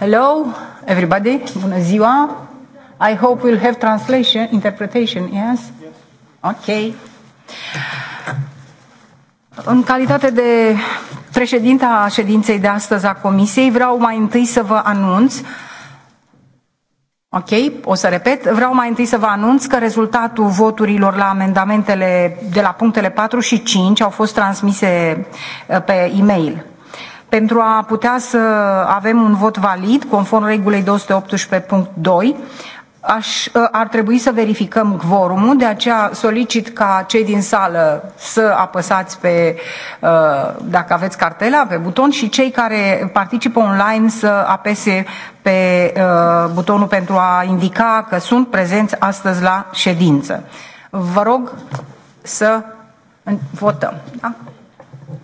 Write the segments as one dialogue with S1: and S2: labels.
S1: Hello, everybody. Bună ziua. I hope we'll have translation, interpretation, yes? yes. Ok. În calitate de președinta ședinței de astăzi a Comisiei, vreau mai întâi să vă anunț Ok, o să repet. Vreau mai întâi să vă anunț că rezultatul voturilor la amendamentele de la punctele 4 și 5 au fost transmise uh, pe e-mail pentru a putea să avem un vot valid, conform regulii 218.2, Aș, ar trebui să verificăm quorumul, de aceea solicit ca cei din sală să apăsați pe, dacă aveți cartela, pe buton și cei care participă online să apese pe butonul pentru a indica că sunt prezenți astăzi la ședință. Vă rog să votăm, da?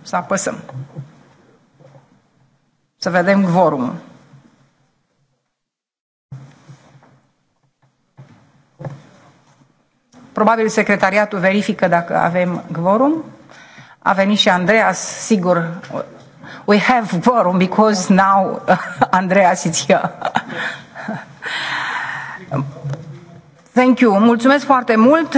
S1: Să apăsăm. Să vedem quorumul. Probabil secretariatul verifică dacă avem quorum. A venit și Andreas, sigur. We have quorum because now Andreas is here. Thank you. Mulțumesc foarte mult.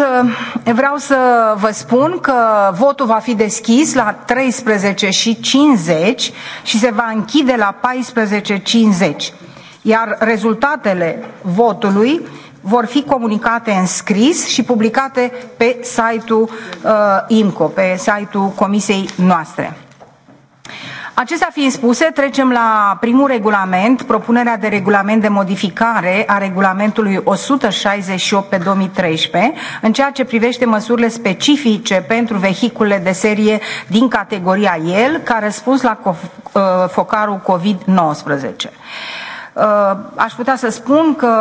S1: Eh, vreau să vă spun că votul va fi deschis la 13 și 50 și se va închide la 14.50. Iar rezultatele votului vor fi comunicate în scris și publicate pe site-ul uh, IMCO, pe site-ul comisiei noastre. Acestea fiind spuse, trecem la primul regulament, propunerea de regulament de modificare a regulamentului 168 pe 2013, în ceea ce privește măsurile specifice pentru vehiculele de serie din categoria el, ca răspuns la uh, focarul COVID-19. Uh, aș putea să spun că,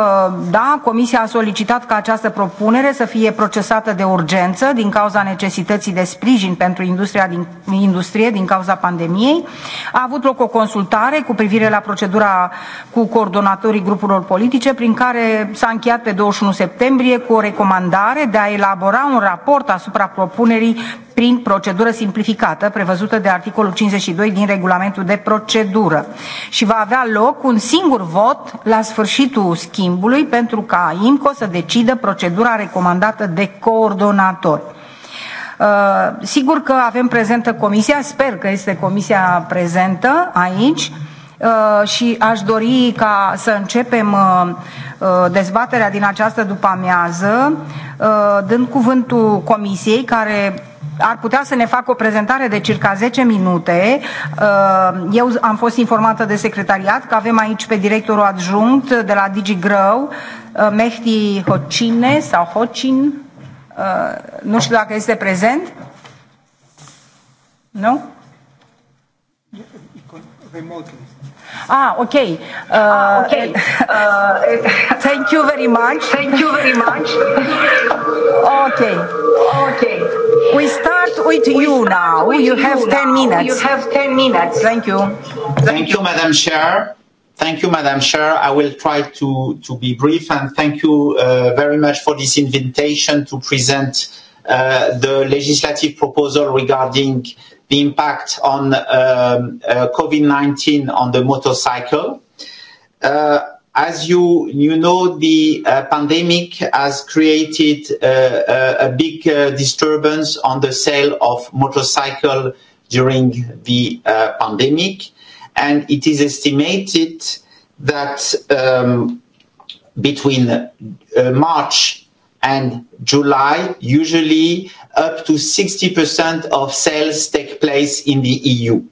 S1: da, Comisia a solicitat ca această propunere să fie procesată de urgență din cauza necesității de sprijin pentru industria din, industrie din cauza pandemiei. A avut loc o consultare cu privire la procedura cu coordonatorii grupurilor politice, prin care s-a încheiat pe 21 septembrie cu o recomandare de a elabora un raport asupra propunerii prin procedură simplificată prevăzută de articolul 52 din regulamentul de procedură și va avea loc un singur vot la sfârșitul schimbului pentru ca IMCO să decidă procedura recomandată de coordonator. Uh, sigur că avem prezentă comisia, sper că este comisia prezentă aici uh, și aș dori ca să începem uh, uh dezbaterea din această după-amiază, uh, dând cuvântul comisiei care ar putea să ne facă o prezentare de circa 10 minute. Uh, eu am fost informată de secretariat că avem aici pe directorul adjunct de la DigiGrow, uh, Mehdi Hocine sau Hocin, uh, nu știu dacă este prezent. Nu? Remotely. Ah, okay. Uh, ah, okay. Uh, thank you very much. Thank you very much. okay. Okay. We start with we you start now. With you, you have now. minutes. You have 10 minutes. Thank you. Thank,
S2: thank you, Madam Chair. Thank you, Madam Chair. I will try to, to be brief and thank you uh, very much for this invitation to present uh, the legislative proposal regarding the impact on um, uh, COVID-19 on the motorcycle. Uh, as you, you know, the uh, pandemic has created uh, a, uh, a big uh, disturbance on the sale of motorcycle during the uh, pandemic. And it is estimated that um, between uh, March and July, usually up to 60% of sales take place in the EU.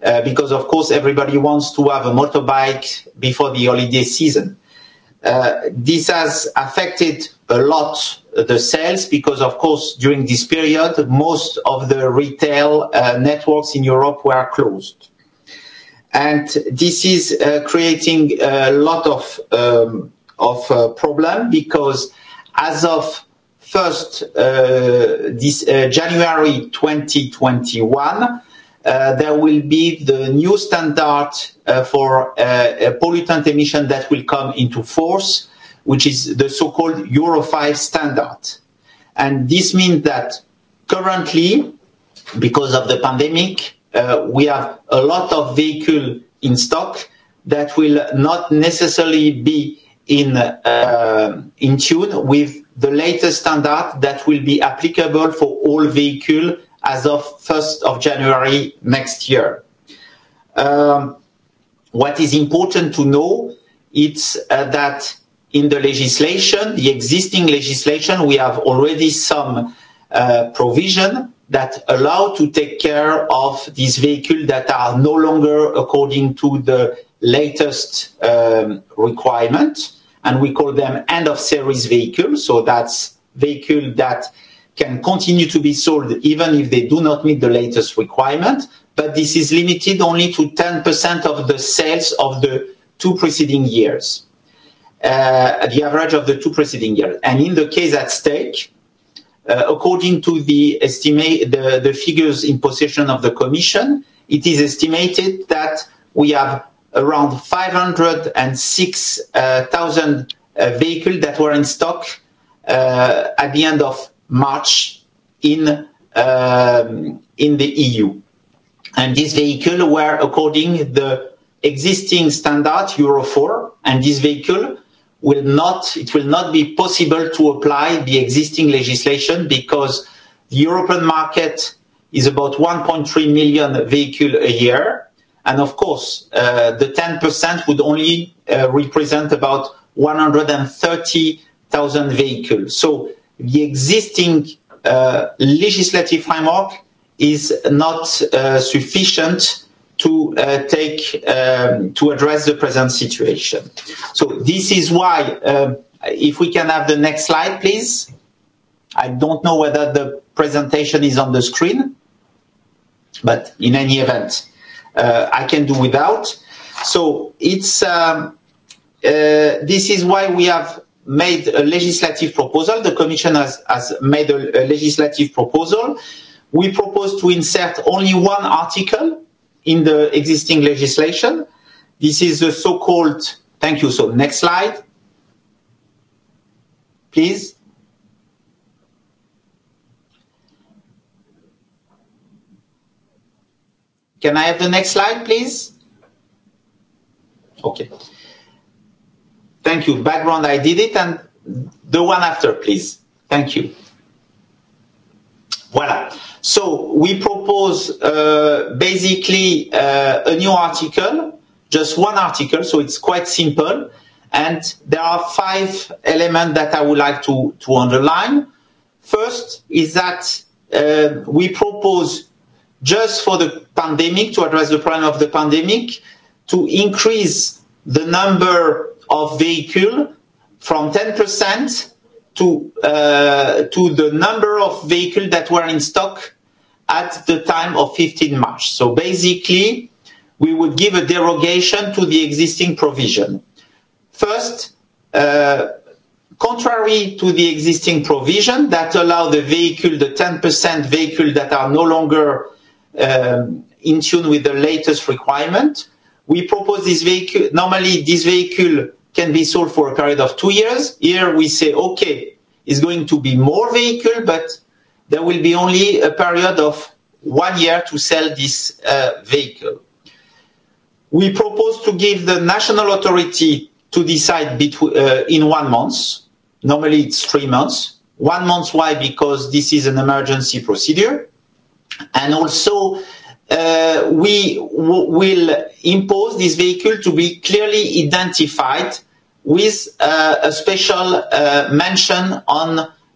S2: Uh, because of course everybody wants to have a motorbike before the holiday season. Uh, this has affected a lot the sales because of course during this period most of the retail uh, networks in Europe were closed. And this is uh, creating a lot of um, of uh, problem because as of 1st uh, this, uh, January 2021, uh, there will be the new standard uh, for uh, a pollutant emission that will come into force, which is the so-called Euro 5 standard. And this means that currently, because of the pandemic, uh, we have a lot of vehicle in stock that will not necessarily be in, uh, in tune with the latest standard that will be applicable for all vehicles as of 1st of January next year. Um, what is important to know is uh, that in the legislation, the existing legislation, we have already some uh, provision that allow to take care of these vehicles that are no longer according to the latest um, requirement and we call them end-of-series vehicles. So that's vehicle that can continue to be sold even if they do not meet the latest requirement, but this is limited only to 10% of the sales of the two preceding years, uh, the average of the two preceding years. And in the case at stake, uh, according to the estimate, the, the figures in possession of the Commission, it is estimated that we have around 506,000 uh, uh, vehicles that were in stock uh, at the end of March in um, in the EU. And these vehicles were according the existing standard Euro 4, and this vehicle will not, it will not be possible to apply the existing legislation because the European market is about 1.3 million vehicles a year, And of course, uh, the 10% would only uh, represent about 130,000 vehicles. So the existing uh, legislative framework is not uh, sufficient to uh, take um, to address the present situation. So this is why, uh, if we can have the next slide, please. I don't know whether the presentation is on the screen, but in any event, Uh, I can do without. So it's um, uh, this is why we have made a legislative proposal. The Commission has, has made a, a legislative proposal. We propose to insert only one article in the existing legislation. This is the so-called, thank you, so next slide, please. Can I have the next slide, please? Okay. Thank you. Background, I did it, and the one after, please. Thank you. Voilà. So we propose uh, basically uh, a new article, just one article, so it's quite simple. And there are five elements that I would like to, to underline. First is that uh, we propose just for the pandemic, to address the problem of the pandemic, to increase the number of vehicles from 10% to, uh, to the number of vehicles that were in stock at the time of 15 March. So basically, we would give a derogation to the existing provision. First, uh, contrary to the existing provision that allow the vehicle, the 10% vehicle that are no longer um, in tune with the latest requirement. We propose this vehicle, normally this vehicle can be sold for a period of two years. Here we say, okay, it's going to be more vehicle, but there will be only a period of one year to sell this uh, vehicle. We propose to give the national authority to decide between, uh, in one month. Normally it's three months. One month, why? Because this is an emergency procedure. And also, uh, we w will impose this vehicle to be clearly identified with uh, a special uh, mention on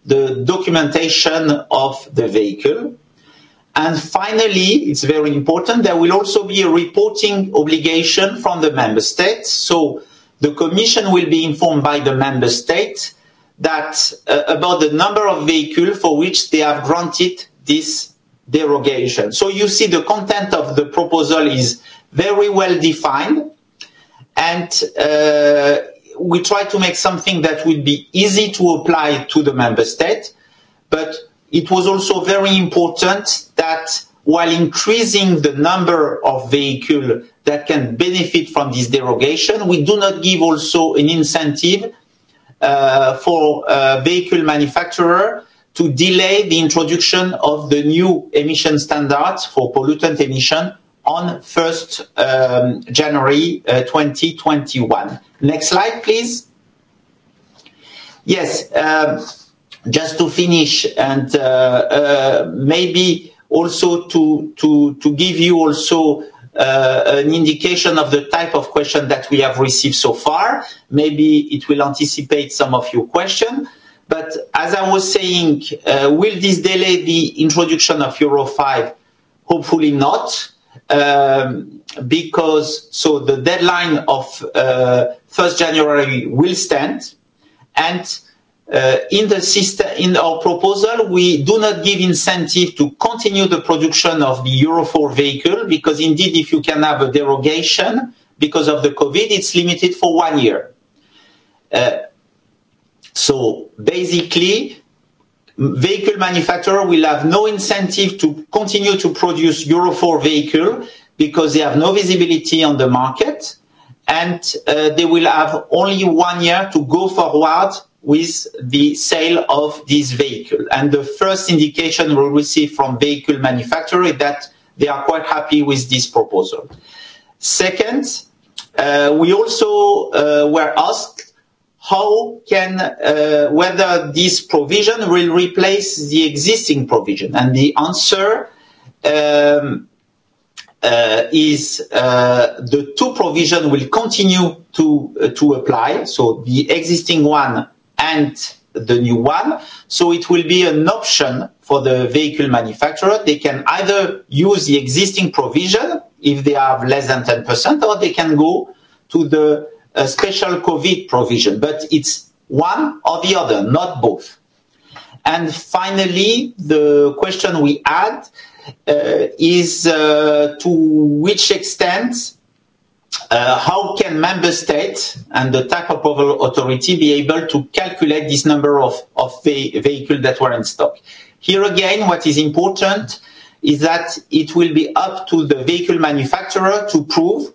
S2: the documentation of the vehicle. And finally, it's very important, there will also be a reporting obligation from the member states. So the Commission will be informed by the member state that uh, about the number of vehicles for which they have granted this derogation. So you see the content of the proposal is very well defined and uh, we try to make something that would be easy to apply to the member state, but it was also very important that while increasing the number of vehicles that can benefit from this derogation, we do not give also an incentive uh, for a vehicle manufacturer to delay the introduction of the new emission standards for pollutant emission on 1st um, January uh, 2021. Next slide, please. Yes, um, just to finish and uh, uh, maybe also to, to, to give you also uh, an indication of the type of question that we have received so far. Maybe it will anticipate some of your questions. But as I was saying, uh, will this delay the introduction of Euro 5? Hopefully not, um, because so the deadline of uh, 1st January will stand. And uh, in the system, in our proposal, we do not give incentive to continue the production of the Euro 4 vehicle, because indeed, if you can have a derogation because of the COVID, it's limited for one year. Uh, So basically, vehicle manufacturer will have no incentive to continue to produce Euro 4 vehicle because they have no visibility on the market and uh, they will have only one year to go forward with the sale of this vehicle. And the first indication we we'll receive from vehicle manufacturer is that they are quite happy with this proposal. Second, uh, we also uh, were asked how can uh, whether this provision will replace the existing provision and the answer um, uh, is uh, the two provision will continue to uh, to apply so the existing one and the new one so it will be an option for the vehicle manufacturer they can either use the existing provision if they have less than 10% or they can go to the a special COVID provision, but it's one or the other, not both. And finally, the question we had uh, is uh, to which extent, uh, how can member state and the tax approval authority be able to calculate this number of, of ve- vehicles that were in stock? Here again, what is important is that it will be up to the vehicle manufacturer to prove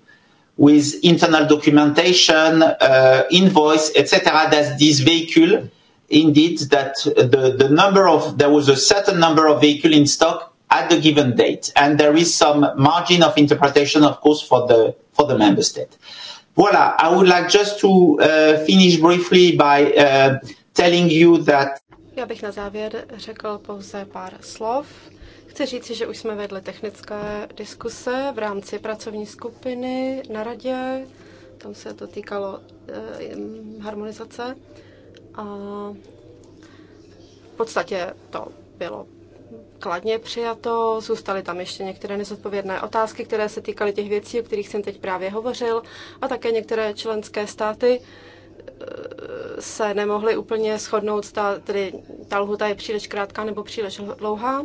S2: with internal documentation, uh, invoice, etc. That this vehicle, indeed, that the, the number of, there was a certain number of vehicle in stock at the given date. And there is some margin of interpretation, of course, for the, for the member state. Voilà. I would like just to uh, finish briefly by uh, telling you that
S3: Já bych na závěr řekl pouze pár slov. Chci říci, že už jsme vedli technické diskuse v rámci pracovní skupiny na radě, tam se to týkalo eh, harmonizace a v podstatě to bylo kladně přijato, zůstaly tam ještě některé nezodpovědné otázky, které se týkaly těch věcí, o kterých jsem teď právě hovořil, a také některé členské státy eh, se nemohly úplně shodnout, ta, tedy ta lhuta je příliš krátká nebo příliš dlouhá.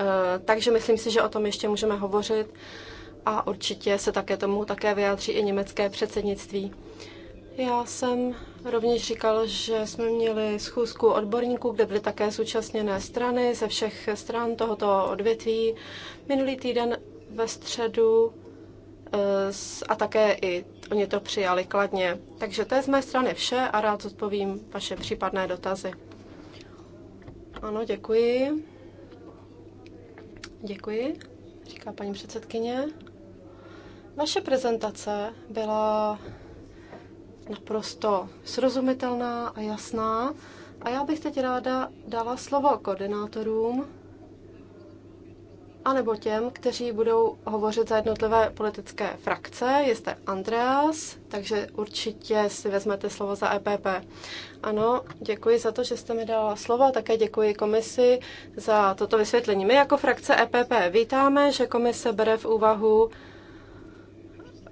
S3: Eh, takže myslím si, že o tom ještě můžeme hovořit a určitě se také tomu také vyjádří i německé předsednictví. Já jsem rovněž říkal, že jsme měli schůzku odborníků, kde byly také zúčastněné strany ze všech stran tohoto odvětví. Minulý týden ve středu eh, a také i oni to přijali kladně. Takže to je z mé strany vše a rád odpovím vaše případné dotazy. Ano, děkuji. Děkuji, říká paní předsedkyně. Vaše prezentace byla naprosto srozumitelná a jasná. A já bych teď ráda dala slovo koordinátorům anebo těm, kteří budou hovořit za jednotlivé politické frakce. Jste Andreas, takže určitě si vezmete slovo za EPP. Ano, děkuji za to, že jste mi dala slovo a také děkuji komisi za toto vysvětlení. My jako frakce EPP vítáme, že komise bere v úvahu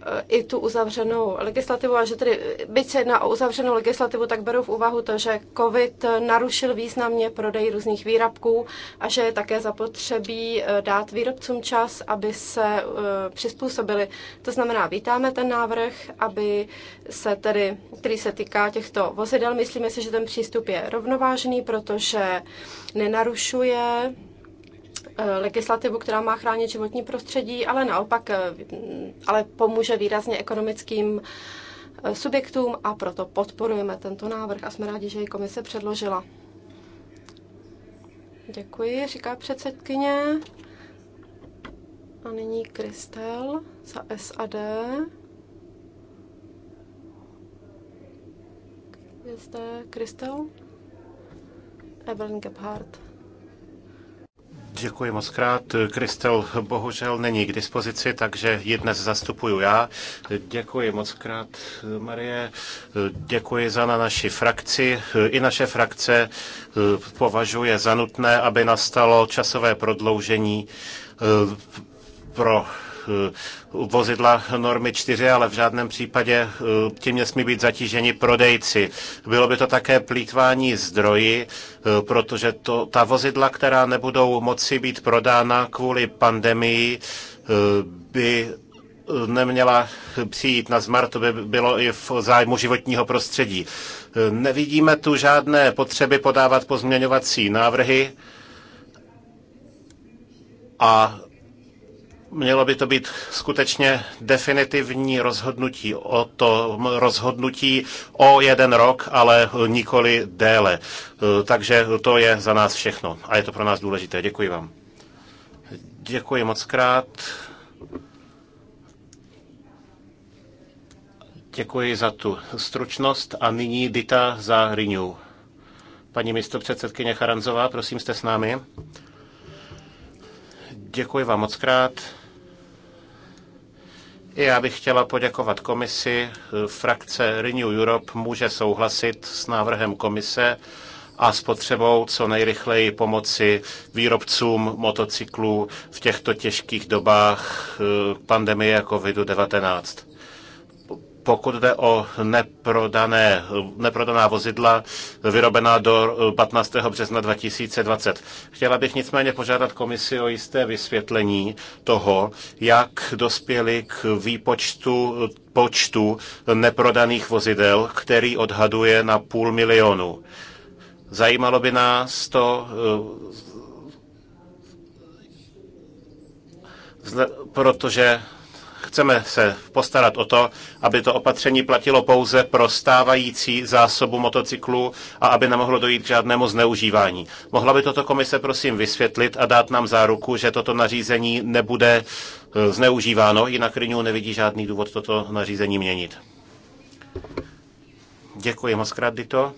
S3: Eh, i tu uzavřenou legislativu a že tedy, eh, byť se jedná o uzavřenou legislativu, tak beru v úvahu to, že COVID eh, narušil významně prodej různých výrobků a že je také zapotřebí dát výrobcům čas, aby se přizpůsobili. To znamená, vítáme ten návrh, aby se tedy, který se týká těchto vozidel, myslíme si, že ten přístup je rovnovážný, protože nenarušuje Eh, legislativu, která má chránit životní prostředí, ale naopak eh, mm, ale pomůže výrazně ekonomickým eh, subjektům a proto podporujeme tento návrh a jsme rádi, že ji komise předložila. Děkuji, říká předsedkyně. A nyní Kristel za SAD. Je jste? Kristel? Evelyn Gebhardt.
S4: Děkuji moc krát. Kristel bohužel není k dispozici, takže ji dnes zastupuju já. Děkuji moc krát, Marie. Děkuji za na naši frakci. I naše frakce eh, považuje za nutné, aby nastalo časové prodloužení eh, pro Eh, vozidla normy 4, ale v žádném případě eh, tím nesmí být zatíženi prodejci. Bylo by to také plítvání zdroji, eh, protože to, ta vozidla, která nebudou moci být prodána kvůli pandemii, by neměla přijít na zmar, to by bylo i v zájmu životního prostředí. Nevidíme tu žádné potřeby podávat pozměňovací návrhy a Mělo by to být skutečně definitivní rozhodnutí o to rozhodnutí o jeden rok, ale nikoli déle. E, takže to je za nás všechno a je to pro nás důležité. Děkuji vám. Děkuji moc krát. Děkuji za tu stručnost a nyní Dita za Renew. Paní předsedkyně Charanzová, prosím, jste s námi. Děkuji vám moc krát. Já bych chtěla poděkovat komisi. Frakce Renew Europe může souhlasit s návrhem komise a s potřebou co nejrychleji pomoci výrobcům motocyklů v těchto těžkých dobách eh, pandemie COVID-19 pokud jde o neprodané, neprodaná vozidla vyrobená do 15. března 2020. Chtěla bych nicméně požádat komisi o jisté vysvětlení toho, jak dospěli k výpočtu počtu neprodaných vozidel, který odhaduje na půl milionu. Zajímalo by nás to, eh, protože chceme se postarat o to, aby to opatření platilo pouze pro stávající zásobu motocyklů a aby nemohlo dojít k žádnému zneužívání. Mohla by toto komise prosím vysvětlit a dát nám záruku, že toto nařízení nebude e, zneužíváno, jinak Rynu nevidí žádný důvod toto nařízení měnit. Děkuji moc krát, Dito.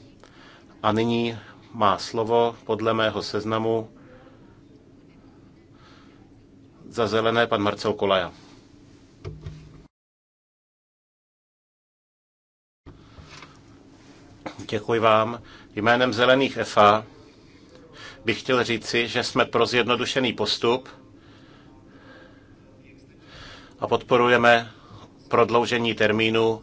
S4: A nyní má slovo podle mého seznamu za zelené pan Marcel Kolaja. Děkuji vám. Jménem Zelených FA bych chtěl říci, že jsme pro zjednodušený postup a podporujeme prodloužení termínu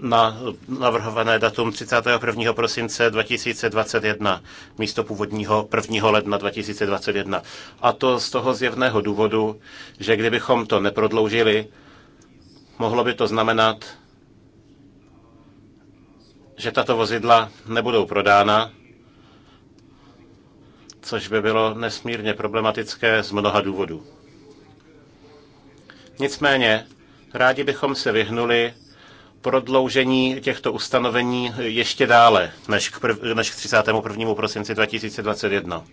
S4: na navrhované datum 31. prosince 2021 místo původního 1. ledna 2021. A to z toho zjevného důvodu, že kdybychom to neprodloužili, mohlo by to znamenat, že tato vozidla nebudou prodána, což by bylo nesmírně problematické z mnoha důvodů. Nicméně rádi bychom se vyhnuli prodloužení těchto ustanovení ještě dále než k, prv, než k 31. prosinci 2021.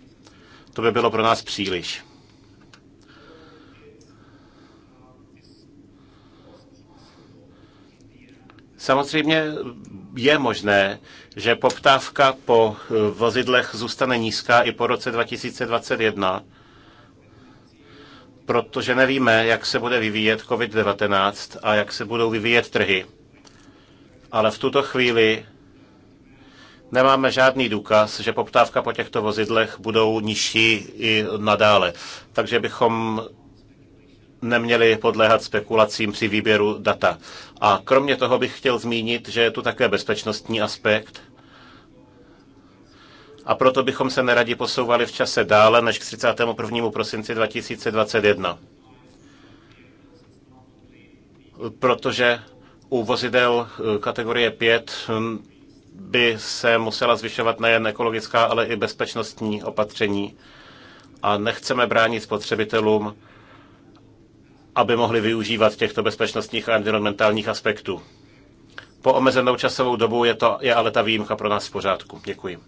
S4: To by bylo pro nás příliš. Samozřejmě je možné, že poptávka po eh, vozidlech zůstane nízká i po roce 2021, protože nevíme, jak se bude vyvíjet COVID-19 a jak se budou vyvíjet trhy. Ale v tuto chvíli nemáme žádný důkaz, že poptávka po těchto vozidlech budou nižší i nadále. Takže bychom neměli podléhat spekulacím při výběru data. A kromě toho bych chtěl zmínit, že je tu také bezpečnostní aspekt. A proto bychom se neradi posouvali v čase dále než k 31. prosinci 2021. Protože u vozidel eh, kategorie 5 hm, by se musela zvyšovat nejen ekologická, ale i bezpečnostní opatření. A nechceme bránit spotřebitelům aby mohli využívat těchto bezpečnostních a environmentálních aspektů. Po omezenou časovou dobu je, to, je ale ta výjimka pro nás v pořádku. Děkuji.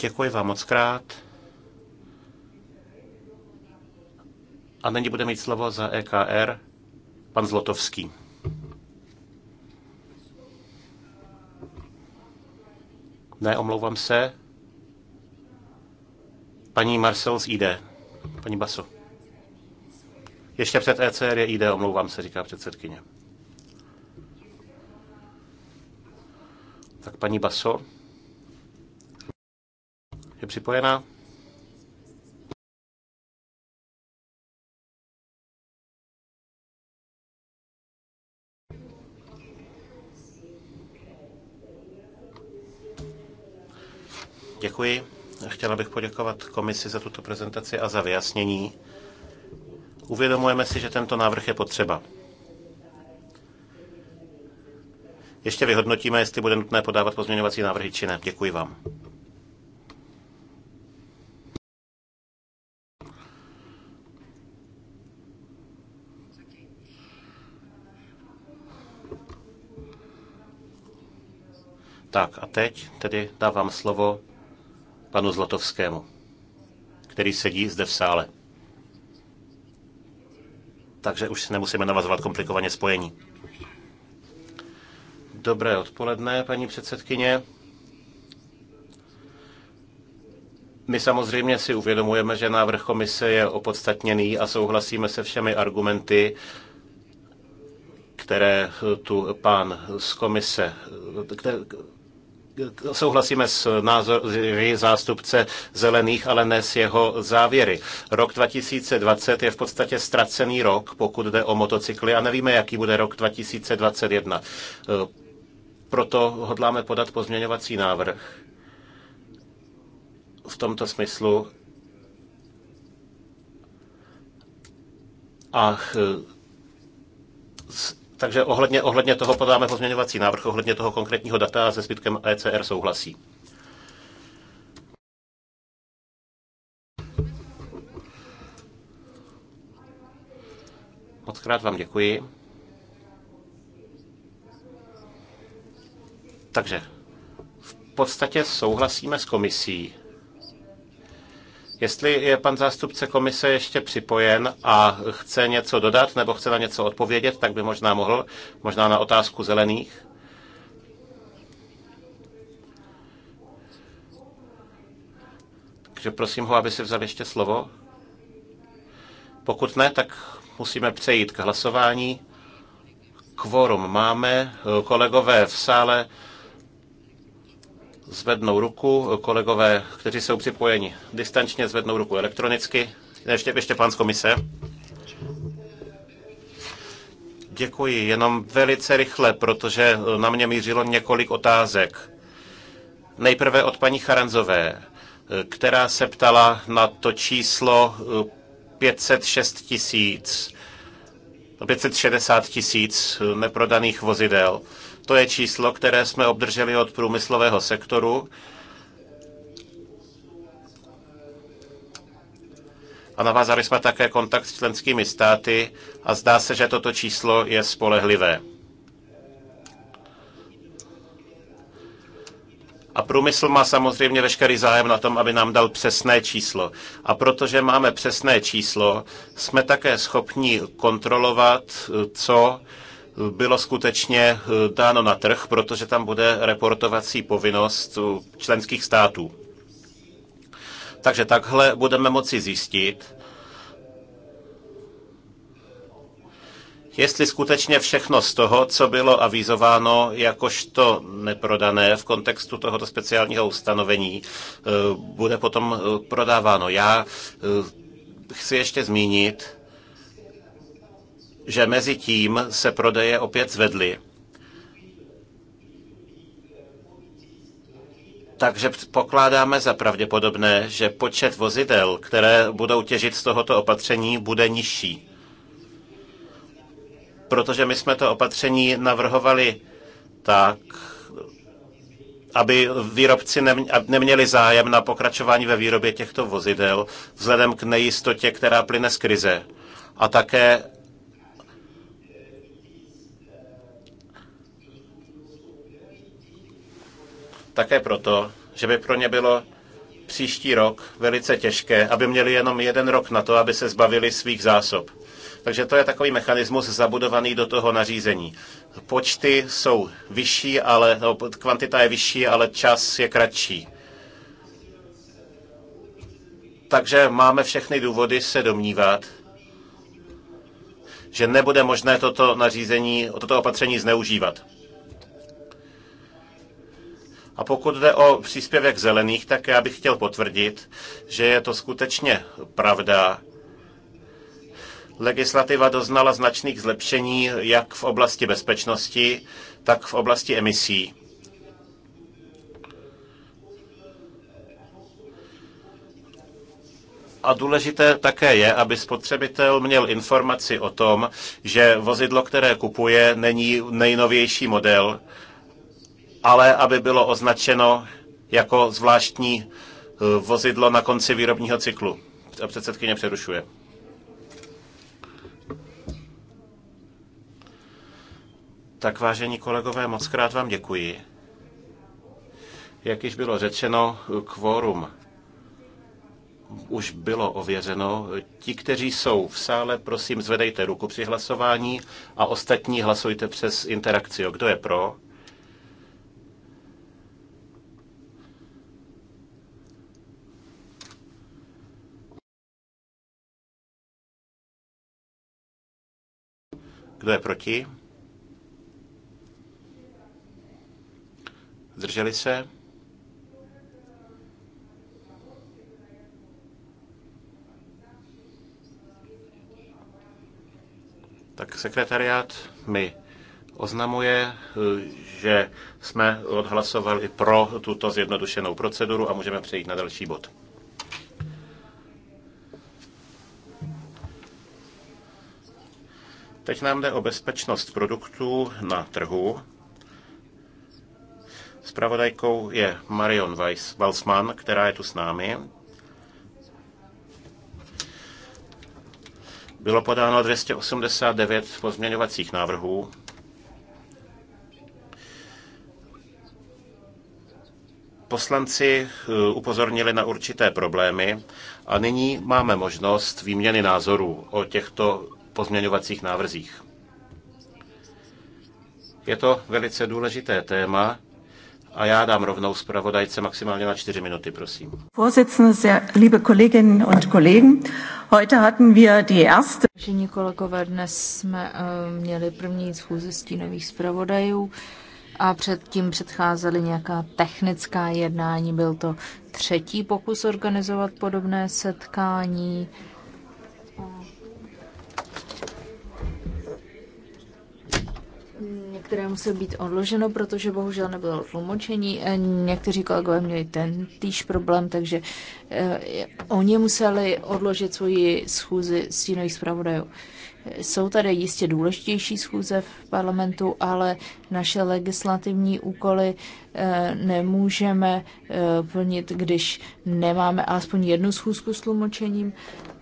S4: Děkuji vám moc krát. A nyní bude mít slovo za EKR pan Zlotovský. Ne, omlouvám se. Paní Marcel z ID. Paní Baso. Ještě před ECR je ID, omlouvám se, říká předsedkyně.
S2: Tak paní Baso je připojená.
S4: Děkuji. Chtěla bych poděkovat komisi za tuto prezentaci a za vyjasnění. Uvědomujeme si, že tento návrh je potřeba. Ještě vyhodnotíme, jestli bude nutné podávat pozměňovací návrhy či ne. Děkuji vám. Tak a teď tedy dávám slovo panu Zlatovskému, který sedí zde v sále. Takže už nemusíme navazovat komplikovaně spojení. Dobré odpoledne, paní předsedkyně. My samozřejmě si uvědomujeme, že návrh komise je opodstatněný a souhlasíme se všemi argumenty, které tu pán z komise, souhlasíme s názory zástupce zelených, ale ne s jeho závěry. Rok 2020 je v podstatě ztracený rok, pokud jde o motocykly a nevíme, jaký bude rok 2021. Proto hodláme podat pozměňovací návrh v tomto smyslu a takže ohledně, ohledně toho podáme pozměňovací návrh, ohledně toho konkrétního data a se zbytkem ECR souhlasí. Moc krát vám děkuji. Takže v podstatě souhlasíme s komisí Jestli je pan zástupce komise ještě připojen a chce něco dodat nebo chce na něco odpovědět, tak by možná mohl, možná na otázku zelených. Takže prosím ho, aby si vzal ještě slovo. Pokud ne, tak musíme přejít k hlasování. Kvorum máme, kolegové v sále zvednou ruku, kolegové, kteří jsou připojeni distančně, zvednou ruku elektronicky. Ještě, ještě pán z komise. Děkuji, jenom velice rychle, protože na mě mířilo několik otázek. Nejprve od paní Charanzové, která se ptala na to číslo 506 eh, tisíc 560 tisíc neprodaných vozidel. To je číslo, které jsme obdrželi od průmyslového sektoru. A navázali jsme také kontakt s členskými státy a zdá se, že toto číslo je spolehlivé. A průmysl má samozřejmě veškerý zájem na tom, aby nám dal přesné číslo. A protože máme přesné číslo, jsme také schopni kontrolovat, co bylo skutečně eh, dáno na trh, protože tam bude reportovací povinnost členských států. Takže takhle budeme moci zjistit, jestli skutečně všechno z toho, co bylo avizováno jakožto neprodané v kontextu tohoto speciálního ustanovení, eh, bude potom eh, prodáváno. Já eh, chci ještě zmínit, že mezi tím se prodeje opět zvedly. Takže pokládáme za pravděpodobné, že počet vozidel, které budou těžit z tohoto opatření, bude nižší protože my jsme to opatření navrhovali tak, aby výrobci neměli zájem na pokračování ve výrobě těchto vozidel vzhledem k nejistotě, která plyne z krize. A také také proto, že by pro ně bylo příští rok velice těžké, aby měli jenom jeden rok na to, aby se zbavili svých zásob. Takže to je takový mechanismus zabudovaný do toho nařízení. Počty jsou vyšší, ale no, kvantita je vyšší, ale čas je kratší. Takže máme všechny důvody se domnívat, že nebude možné toto nařízení, toto opatření zneužívat. A pokud jde o příspěvek zelených, tak já bych chtěl potvrdit, že je to skutečně pravda, Legislativa doznala značných zlepšení jak v oblasti bezpečnosti, tak v oblasti emisí. A důležité také je, aby spotřebitel měl informaci o tom, že vozidlo, které kupuje, není nejnovější model, ale aby bylo označeno jako zvláštní eh, vozidlo na konci výrobního cyklu. A předsedkyně přerušuje. Tak vážení kolegové, moc krát vám děkuji. Jak již bylo řečeno, kvórum už bylo ověřeno. Ti, kteří jsou v sále, prosím, zvedejte ruku při hlasování a ostatní hlasujte přes interakci. Kdo je pro? Kdo je proti? Zdrželi se? Tak sekretariát mi oznamuje, že jsme odhlasovali pro tuto zjednodušenou proceduru a můžeme přejít na další bod. Teď nám jde o bezpečnost produktů na trhu. Spravodajkou je Marion Weiss Balsman, která je tu s námi. Bylo podáno 289 pozměňovacích návrhů. Poslanci eh, upozornili na určité problémy a nyní máme možnost výměny názorů o těchto pozměňovacích návrzích. Je to velice důležité téma, a já dám rovnou zpravodajce maximálně na čtyři minuty, prosím.
S5: liebe Kolleginnen und Kollegen, heute hatten wir die erste... Vážení kolegové, dnes jsme uh, měli první schůzi stínových zpravodajů a předtím předcházely nějaká technická jednání. Byl to třetí pokus organizovat podobné setkání. Některé mm, muselo být odloženo, protože bohužel nebylo tlumočení. E, někteří kolegové měli ten týž problém, takže e, oni museli odložit svoji schůzi stínových zpravodajů. Jsou tady jistě důležitější schůze v parlamentu, ale naše legislativní úkoly eh, nemůžeme eh, plnit, když nemáme alespoň jednu schůzku s tlumočením.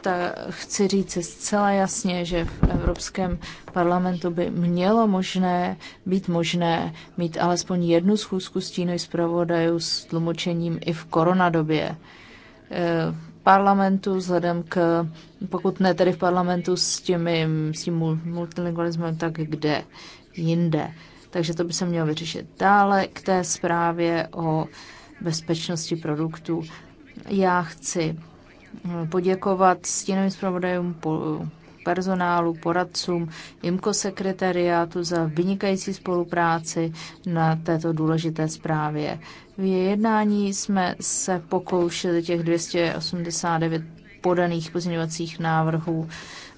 S5: Ta chci říct zcela jasně, že v Evropském parlamentu by mělo možné, být možné mít alespoň jednu schůzku s tínoj zpravodajů s tlumočením i v koronadobě eh, parlamentu, vzhledem k, pokud ne tedy v parlamentu s, těmi, s tím multilingualismem, tak kde jinde. Takže to by se mělo vyřešit. Dále k té zprávě o bezpečnosti produktů. Já chci hm, poděkovat stínovým zpravodajům, personálu, poradcům, IMCO sekretariátu za vynikající spolupráci na této důležité zprávě. V jednání jsme se pokoušeli těch 289 podaných pozměňovacích návrhů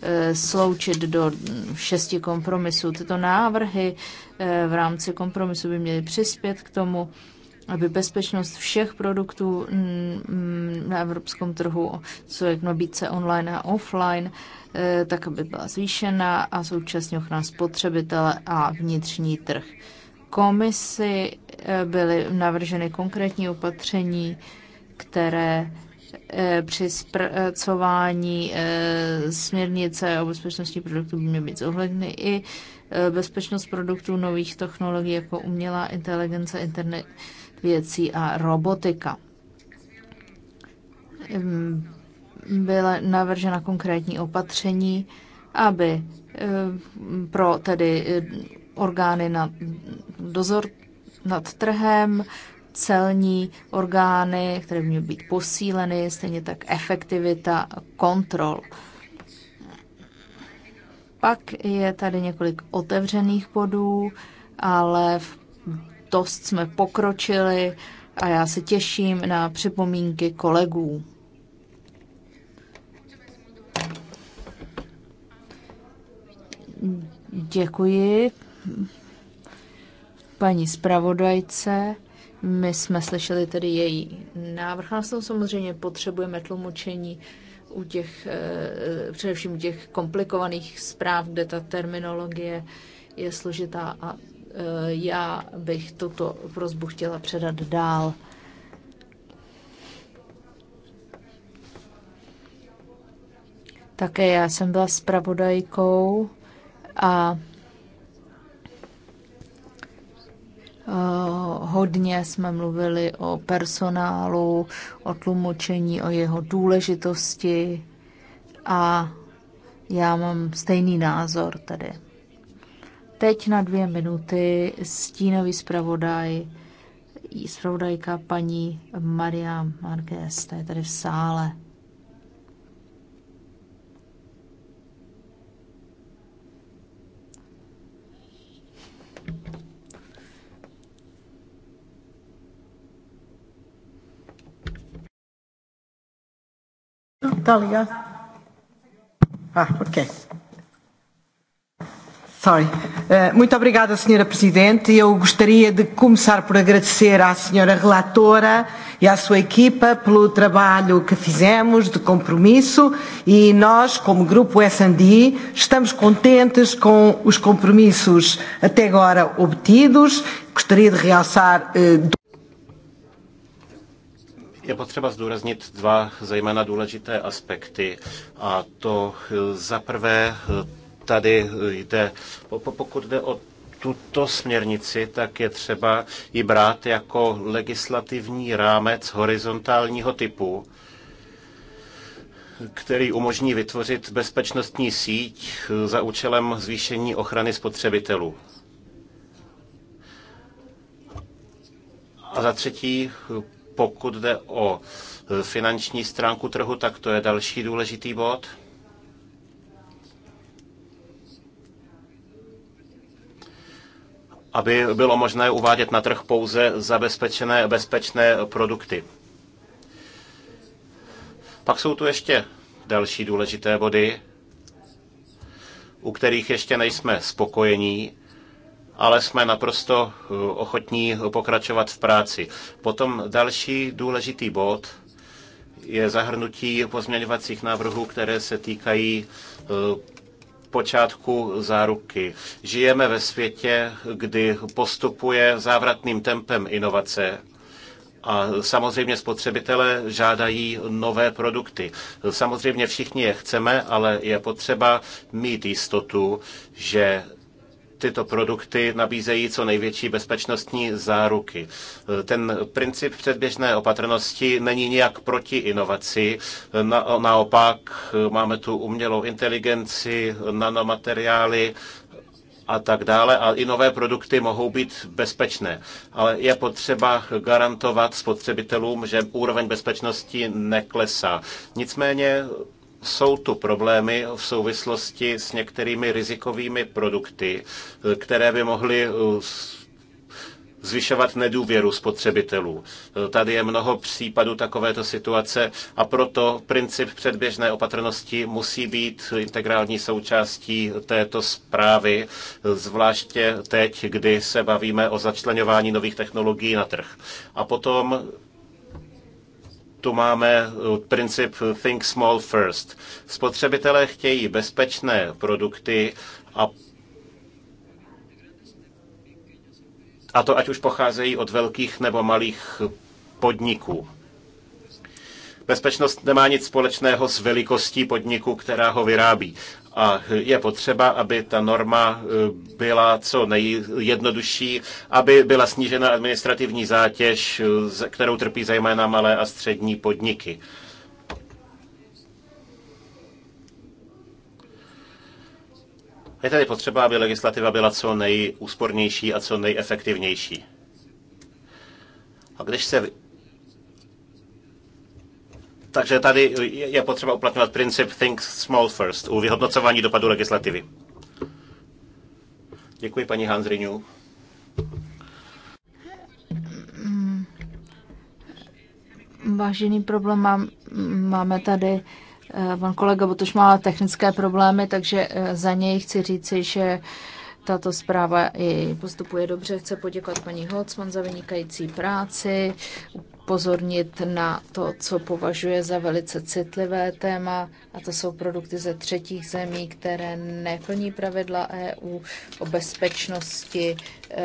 S5: eh, sloučit do šesti kompromisů. Tyto návrhy eh, v rámci kompromisu by měly přispět k tomu, aby bezpečnost všech produktů na evropském trhu, co je nabídce online a offline, eh, tak aby byla zvýšena a současně ochrana spotřebitele a vnitřní trh. Komisi eh, byly navrženy konkrétní opatření, které eh, při zpracování směrnice o bezpečnosti produktů by měly být zohledny i bezpečnost produktů nových technologií jako umělá inteligence, internet, věcí a robotika. Byla navržena konkrétní opatření, aby eh, pro tedy eh, orgány na dozor nad trhem, celní orgány, které by měly být posíleny, stejně tak efektivita kontrol. Pak je tady několik otevřených bodů, ale v dost jsme pokročili a já se těším na připomínky kolegů. Děkuji paní zpravodajce. My jsme slyšeli tedy její návrh, ale samozřejmě potřebujeme tlumočení u těch, eh, především u těch komplikovaných zpráv, kde ta terminologie je složitá a Eh, já bych tuto prozbu chtěla předat dál. Také já jsem byla spravodajkou a eh, hodně jsme mluvili o personálu, o tlumočení, o jeho důležitosti a já mám stejný názor tady. Teď na dvě minuty stínový zpravodaj, zpravodajka paní Maria Marquez, ta je tady v sále.
S1: Talia. Ah, okay. Sorry. Uh, muito obrigada, Sra. Presidente. Eu gostaria de começar por agradecer à Sra. Relatora e à sua equipa pelo trabalho que fizemos de compromisso e nós, como Grupo S&D, estamos contentes com os compromissos até agora obtidos. Gostaria de realçar... Uh,
S4: je potřeba zdůraznit dva zejména důležité aspekty. A to eh, za prvé tady jde, pokud jde o tuto směrnici, tak je třeba ji brát jako legislativní rámec horizontálního typu, který umožní vytvořit bezpečnostní síť za účelem zvýšení ochrany spotřebitelů. A za třetí, pokud jde o finanční stránku trhu, tak to je další důležitý bod – aby bylo možné uvádět na trh pouze zabezpečené bezpečné produkty. Pak jsou tu ještě další důležité body, u kterých ještě nejsme spokojení, ale jsme naprosto uh, ochotní pokračovat v práci. Potom další důležitý bod je zahrnutí pozměňovacích návrhů, které se týkají uh, počátku záruky. Žijeme ve světě, kdy postupuje závratným tempem inovace a samozřejmě spotřebitelé žádají nové produkty. Samozřejmě všichni je chceme, ale je potřeba mít jistotu, že tyto produkty nabízejí co největší bezpečnostní záruky. Ten princip předběžné opatrnosti není nijak proti inovaci, Na, naopak máme tu umělou inteligenci, nanomateriály, a tak dále. A i nové produkty mohou být bezpečné. Ale je potřeba garantovat spotřebitelům, že úroveň bezpečnosti neklesá. Nicméně jsou tu problémy v souvislosti s některými rizikovými produkty, které by mohly eh, zvyšovat nedůvěru spotřebitelů. Eh, tady je mnoho případů takovéto situace a proto princip předběžné opatrnosti musí být integrální součástí této zprávy, eh, zvláště teď, kdy se bavíme o začlenování nových technologií na trh. A potom tu máme eh, princip Think Small First. Spotřebitelé chtějí bezpečné produkty a a to ať už pocházejí od velkých nebo malých podniků. Bezpečnost nemá nic společného s velikostí podniku, která ho vyrábí. A je potřeba, aby ta norma eh, byla co nejjednodušší, aby byla snížena administrativní zátěž, eh, kterou trpí zejména malé a střední podniky. Je tedy potřeba, aby legislativa byla co nejúspornější a co nejefektivnější. A když se takže tady je potřeba uplatňovat princip Think Small First u vyhodnocování dopadu legislativy. Děkuji paní Hanzriňu.
S5: Mm, vážený problém mám, máme tady. Eh, pan kolega Botuš má technické problémy, takže eh, za něj chci říci, že tato zpráva i postupuje dobře. Chce poděkovat paní Holcman za vynikající práci, pozornit na to, co považuje za velice citlivé téma, a to jsou produkty ze třetích zemí, které neplní pravidla EU o bezpečnosti eh,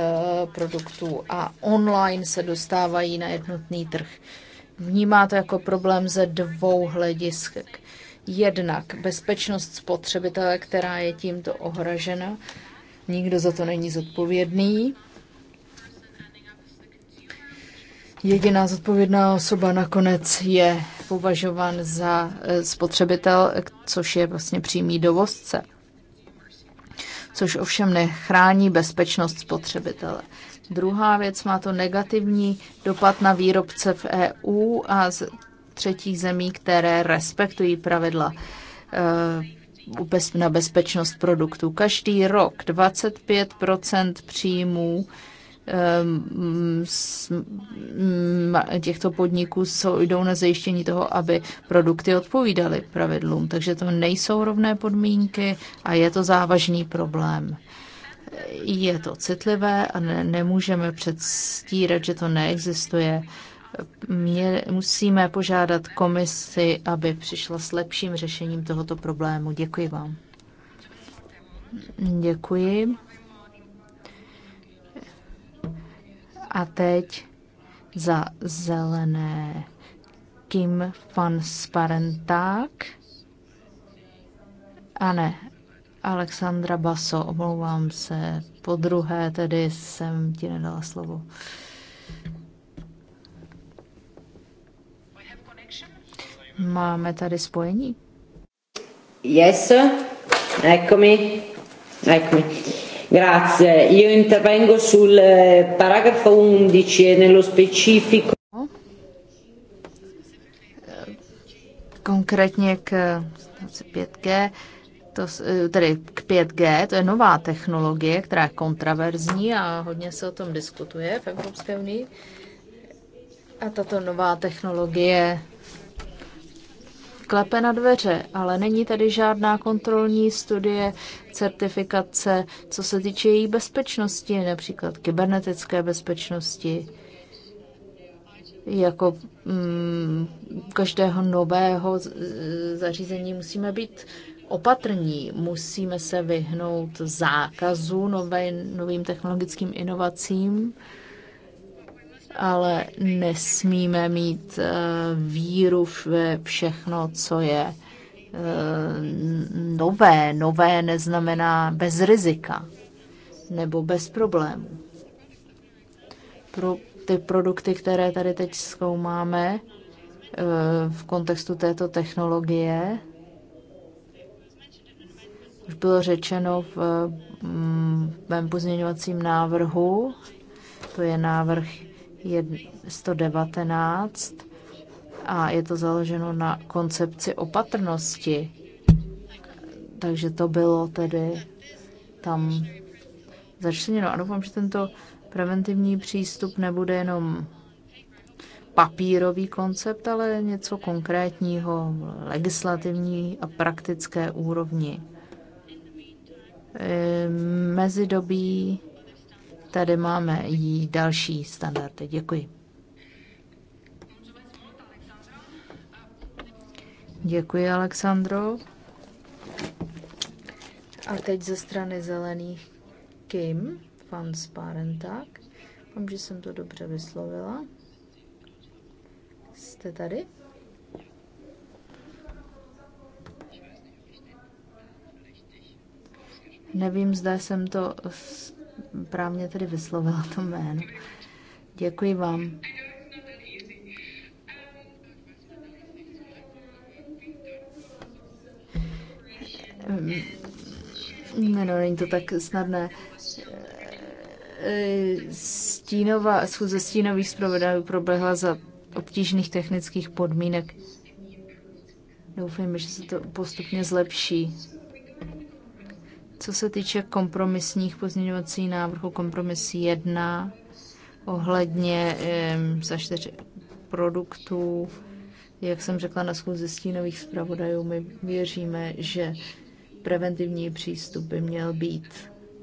S5: produktů a online se dostávají na jednotný trh. Vnímá to jako problém ze dvou hledisk. Jednak bezpečnost spotřebitele, která je tímto ohražena, nikdo za to není zodpovědný. Jediná zodpovědná osoba nakonec je považován za eh, spotřebitel, což je vlastně přímý dovozce, což ovšem nechrání bezpečnost spotřebitele. Druhá věc má to negativní dopad na výrobce v EU a z třetích zemí, které respektují pravidla eh, na bezpečnost produktů. Každý rok 25 příjmů ehm, těchto podniků jsou, jdou na zajištění toho, aby produkty odpovídaly pravidlům. Takže to nejsou rovné podmínky a je to závažný problém. Je to citlivé a ne, nemůžeme předstírat, že to neexistuje. Mě, musíme požádat komisi, aby přišla s lepším řešením tohoto problému. Děkuji vám. Děkuji. A teď za zelené Kim van Sparenták. A ne, Alexandra Baso, omlouvám se. Po druhé tedy jsem ti nedala slovo. Máme tady spojení? Yes, eccomi,
S1: eccomi. Grazie. Io intervengo sul eh, paragrafo 11 e nello specifico.
S5: No. Konkrétně k 5G, to, eh, tedy k 5G, to je nová technologie, která je kontraverzní a hodně se o tom diskutuje v Evropské unii. A tato nová technologie klepe na dveře, ale není tady žádná kontrolní studie, certifikace, co se týče její bezpečnosti, například kybernetické bezpečnosti, jako mm, každého nového zařízení musíme být opatrní, musíme se vyhnout zákazu nové, novým technologickým inovacím ale nesmíme mít eh, víru ve všechno, co je eh, nové. Nové neznamená bez rizika nebo bez problémů. Pro ty produkty, které tady teď zkoumáme eh, v kontextu této technologie, už bylo řečeno v mm, mém pozměňovacím návrhu, to je návrh 119 a je to založeno na koncepci opatrnosti. Takže to bylo tedy tam začleněno. A doufám, že tento preventivní přístup nebude jenom papírový koncept, ale něco konkrétního, legislativní a praktické úrovni. Ehm, mezidobí tady máme i další standardy. Děkuji. Děkuji, Alexandro. A teď ze strany zelených Kim van Sparentak. Vám, že jsem to dobře vyslovila. Jste tady? Nevím, zda jsem to právně tedy vyslovila to jméno. Děkuji vám. Ne, no, není to tak snadné. Stínová, schůze stínových zpravodajů proběhla za obtížných technických podmínek. Doufejme, že se to postupně zlepší. Co se týče kompromisních pozměňovací návrhů, kompromis 1 ohledně um, za čtyři produktů, jak jsem řekla na schůzi stínových zpravodajů, my věříme, že preventivní přístup by měl být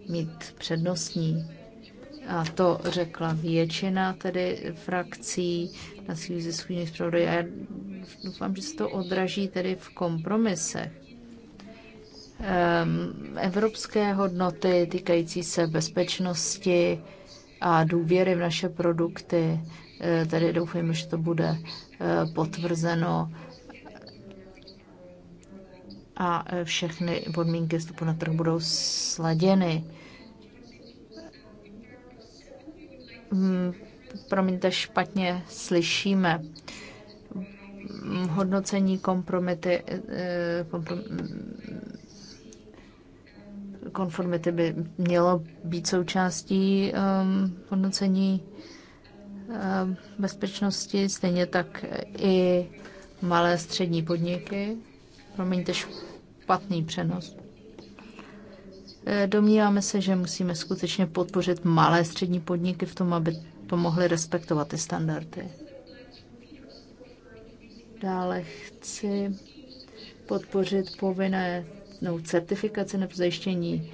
S5: mít přednostní. A to řekla většina tedy frakcí na schůzi stínových zpravodajů. A já doufám, že se to odraží tedy v kompromisech Ehm, evropské hodnoty týkající se bezpečnosti a důvěry v naše produkty, eh, tedy doufejme, že to bude eh, potvrzeno a eh, všechny podmínky vstupu na trh budou sladěny. Hm, promiňte, špatně slyšíme. Hm, hodnocení kompromity, konformity by mělo být součástí um, hodnocení um, bezpečnosti, stejně tak i malé střední podniky. Promiňte špatný přenos. Eh, domníváme se, že musíme skutečně podpořit malé střední podniky v tom, aby pomohly respektovat ty standardy. Dále chci podpořit povinné nebo certifikaci nebo zajištění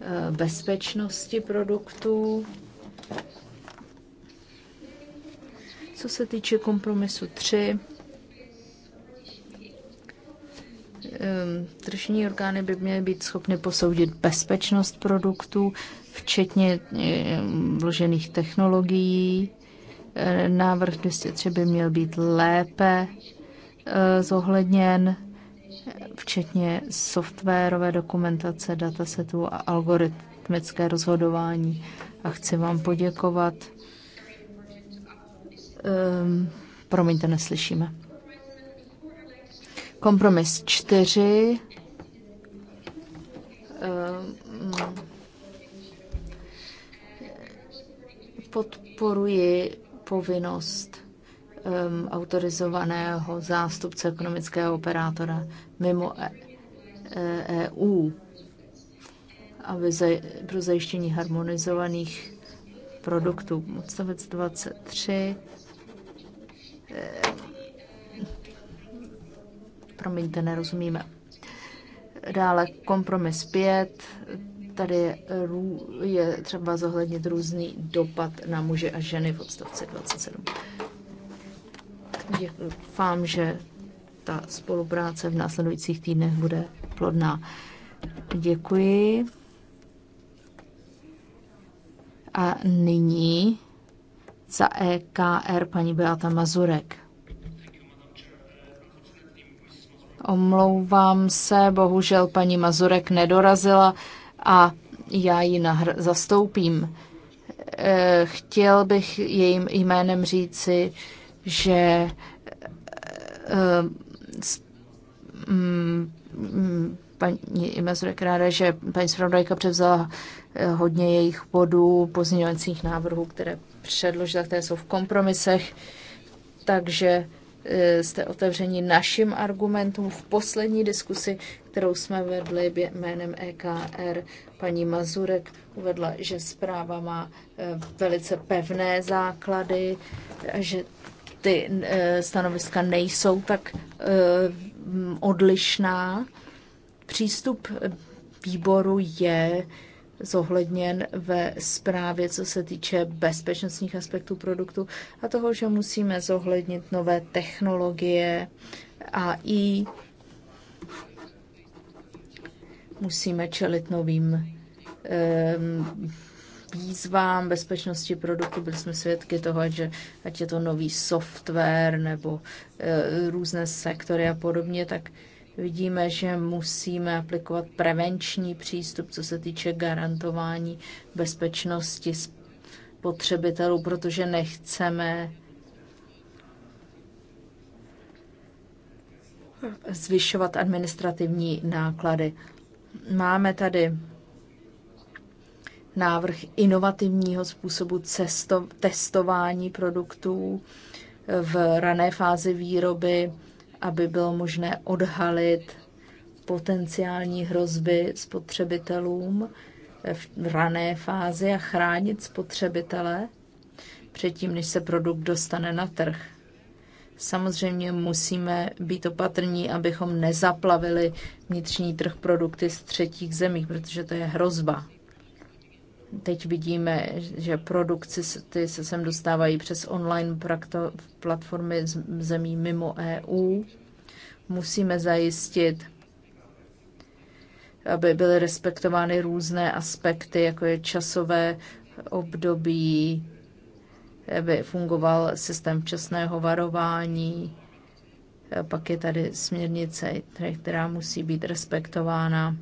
S5: eh, bezpečnosti produktů. Co se týče kompromisu 3, ehm, tržní orgány by měly být schopny posoudit bezpečnost produktů, včetně ehm, vložených technologií. Eh, návrh 203 by měl být lépe eh, zohledněn včetně softwarové dokumentace, datasetů a algoritmické rozhodování. A chci vám poděkovat. Um, promiňte, neslyšíme. Kompromis 4. Um, ehm, podporuji povinnost um, autorizovaného zástupce ekonomického operátora mimo EU e- e aby za, pro zajištění harmonizovaných produktů. Odstavec 23. E, eh, promiňte, nerozumíme. Dále kompromis 5. Tady je, je třeba zohlednit různý dopad na muže a ženy v odstavci 27. Doufám, že ta spolupráce v následujících týdnech bude plodná. Děkuji. A nyní za EKR paní Beata Mazurek. Omlouvám se, bohužel paní Mazurek nedorazila a já ji nahr- zastoupím. Eh, chtěl bych jejím jménem říci, Eh, mm, mm, že paní Imezure ráda, že paní Spravodajka převzala eh, hodně jejich bodů, pozměňovacích návrhů, které předložila, které jsou v kompromisech, takže eh, jste otevřeni našim argumentům. V poslední diskusi, kterou jsme vedli jménem EKR, paní Mazurek uvedla, že zpráva má velice pevné základy, že ty eh, stanoviska nejsou tak eh, odlišná. Přístup výboru je zohledněn ve zprávě, co se týče bezpečnostních aspektů produktu a toho, že musíme zohlednit nové technologie a i musíme čelit novým um, výzvám bezpečnosti produktu. Byli jsme svědky toho, že ať je to nový software nebo e, různé sektory a podobně, tak vidíme, že musíme aplikovat prevenční přístup, co se týče garantování bezpečnosti spotřebitelů, protože nechceme zvyšovat administrativní náklady. Máme tady návrh inovativního způsobu cesto, testování produktů v rané fázi výroby, aby bylo možné odhalit potenciální hrozby spotřebitelům v rané fázi a chránit spotřebitele předtím, než se produkt dostane na trh. Samozřejmě musíme být opatrní, abychom nezaplavili vnitřní trh produkty z třetích zemí, protože to je hrozba. Teď vidíme, že produkci ty se sem dostávají přes online platformy zemí mimo EU. Musíme zajistit, aby byly respektovány různé aspekty, jako je časové období, aby fungoval systém včasného varování. Pak je tady směrnice, která musí být respektována.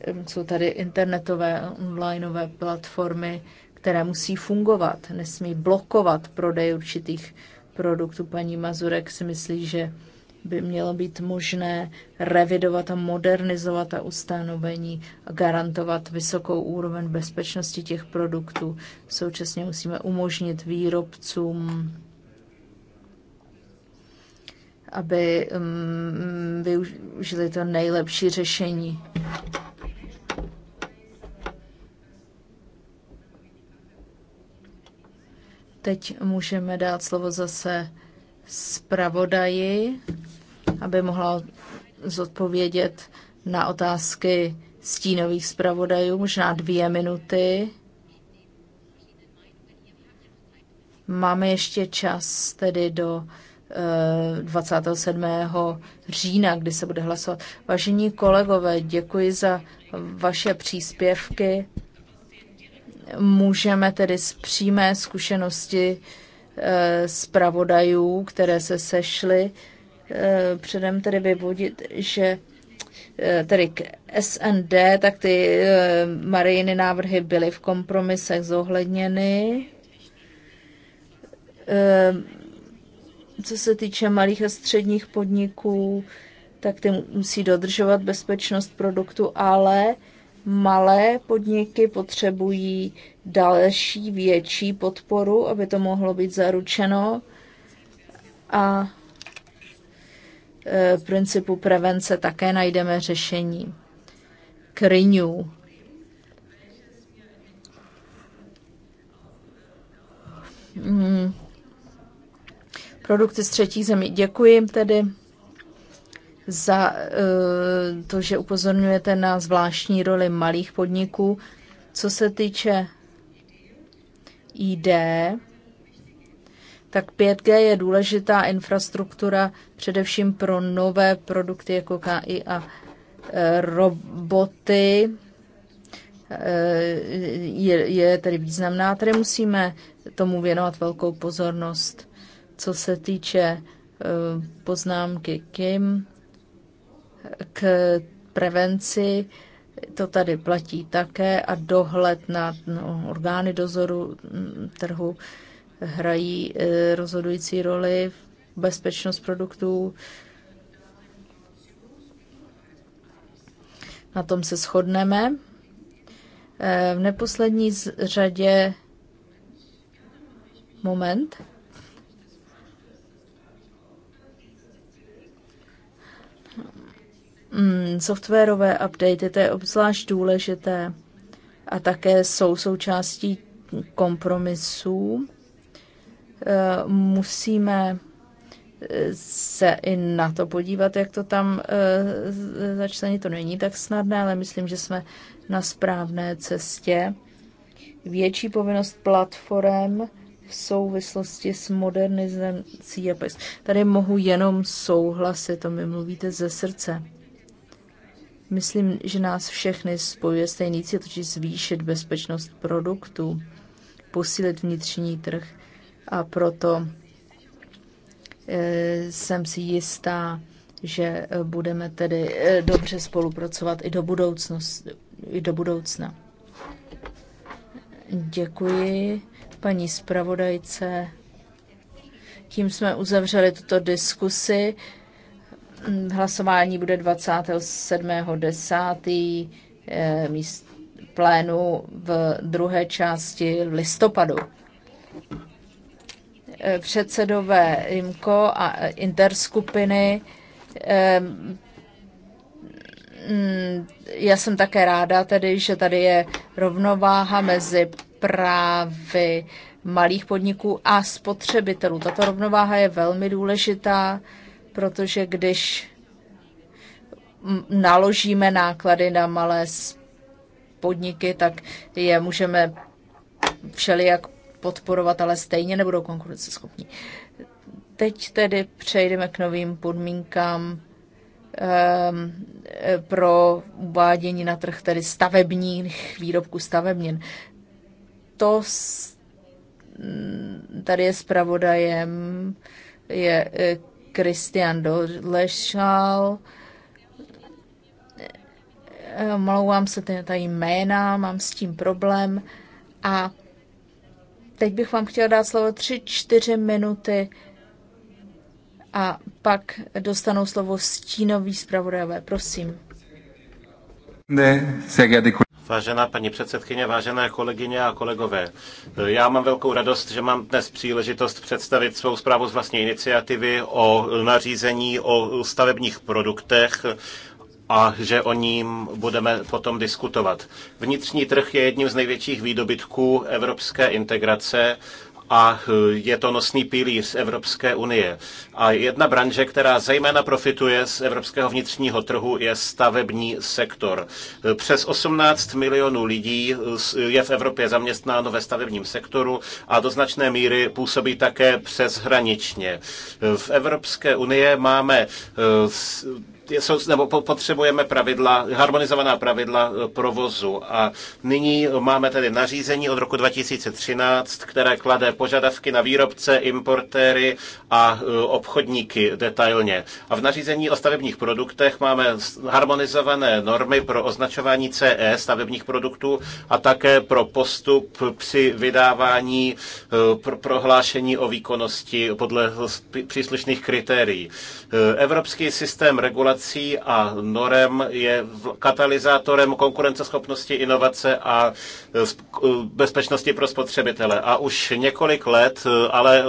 S5: Ehm, jsou tady internetové, onlineové platformy, které musí fungovat, nesmí blokovat prodej určitých produktů. Paní Mazurek si myslí, že by mělo být možné revidovat a modernizovat a ustanovení a garantovat vysokou úroveň bezpečnosti těch produktů. Současně musíme umožnit výrobcům aby um, využili to nejlepší řešení. Teď můžeme dát slovo zase zpravodaji, aby mohla zodpovědět na otázky stínových zpravodajů, možná dvě minuty. Máme ještě čas tedy do 27. Eh, října, kdy se bude hlasovat. Vážení kolegové, děkuji za vaše příspěvky. Můžeme tedy z přímé zkušenosti eh, zpravodajů, které se sešly, eh, předem tedy vyvodit, že eh, tedy k SND, tak ty Marijiny návrhy byly v kompromisech zohledněny. Co se týče malých a středních podniků, tak ty musí dodržovat bezpečnost produktu, ale Malé podniky potřebují další větší podporu, aby to mohlo být zaručeno a e, v principu prevence také najdeme řešení. Kryňů. Hmm. Produkty z třetích zemí. Děkuji tedy za eh, to, že upozorňujete na zvláštní roli malých podniků. Co se týče ID, tak 5G je důležitá infrastruktura především pro nové produkty jako KI a eh, roboty. Eh, je, je tedy významná, tedy musíme tomu věnovat velkou pozornost. Co se týče poznámky Kim, k prevenci, to tady platí také a dohled na no, orgány dozoru mm, trhu hrají e, rozhodující roli v bezpečnost produktů. Na tom se shodneme. E, v neposlední řadě moment. Mm, softwarové updaty, to je obzvlášť důležité a také jsou součástí kompromisů. Eh, musíme eh, se i na to podívat, jak to tam eh, začlení. To není tak snadné, ale myslím, že jsme na správné cestě. Větší povinnost platform v souvislosti s modernizací Tady mohu jenom souhlasit, to mi mluvíte ze srdce. Myslím, že nás všechny spojuje stejný cíl, totiž zvýšit bezpečnost produktů, posílit vnitřní trh a proto eh, jsem si jistá, že budeme tedy eh, dobře spolupracovat i do, i do budoucna. Děkuji paní zpravodajce. Tím jsme uzavřeli tuto diskusi. Hlasování bude 27.10. Eh, míst plénu v druhé části listopadu. Eh, předsedové IMCO a interskupiny. Eh, mm, já jsem také ráda tedy, že tady je rovnováha mezi právy malých podniků a spotřebitelů. Tato rovnováha je velmi důležitá protože když naložíme náklady na malé podniky, tak je můžeme všelijak podporovat, ale stejně nebudou konkurenceschopní. Teď tedy přejdeme k novým podmínkám ehm, pro uvádění na trh tedy stavebních výrobků stavebnin. To tady je zpravodajem je e, Kristian Dolešal. Eh, Mlouvám se tady jména, mám s tím problém. A teď bych vám chtěla dát slovo 3-4 minuty a pak dostanou slovo stínový zpravodajové. Prosím.
S2: Ne, se
S4: geehrte Vážená paní předsedkyně, vážené kolegyně a kolegové, já mám velkou radost, že mám dnes příležitost představit svou zprávu z vlastní iniciativy o nařízení o stavebních produktech a že o ním budeme potom diskutovat. Vnitřní trh je jedním z největších výdobytků evropské integrace a eh, je to nosný pilíř Evropské unie. A jedna branže, která zejména profituje z evropského vnitřního trhu, je stavební sektor. Eh, přes 18 milionů lidí eh, je v Evropě zaměstnáno ve stavebním sektoru a do značné míry působí také přeshraničně. V Evropské unie máme jsou nebo potřebujeme pravidla, harmonizovaná pravidla eh, provozu. A nyní máme tedy nařízení od roku 2013, které klade požadavky na výrobce, importéry a eh, obchodníky detailně. A v nařízení o stavebních produktech máme harmonizované normy pro označování CE stavebních produktů a také pro postup při vydávání eh, prohlášení o výkonnosti podle příslušných kritérií. Evropský systém regulace inovací a norem je katalyzátorem konkurenceschopnosti inovace a e, e, bezpečnosti pro spotřebitele. A už několik let, e, ale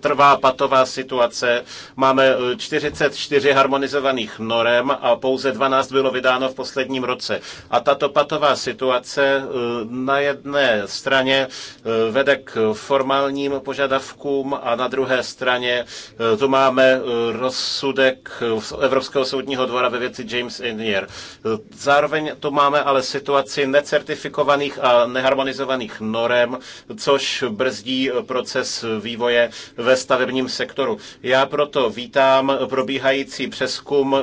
S4: trvá patová situace. Máme 44 harmonizovaných norem a pouze 12 bylo vydáno v posledním roce. A tato patová situace na jedné straně vede k formálním požadavkům a na druhé straně tu máme rozsudek Evropského Evropského soudního dvora ve věci James Inier. Zároveň tu máme ale situaci necertifikovaných a neharmonizovaných norem, což brzdí proces vývoje ve stavebním sektoru. Já proto vítám probíhající přeskum eh,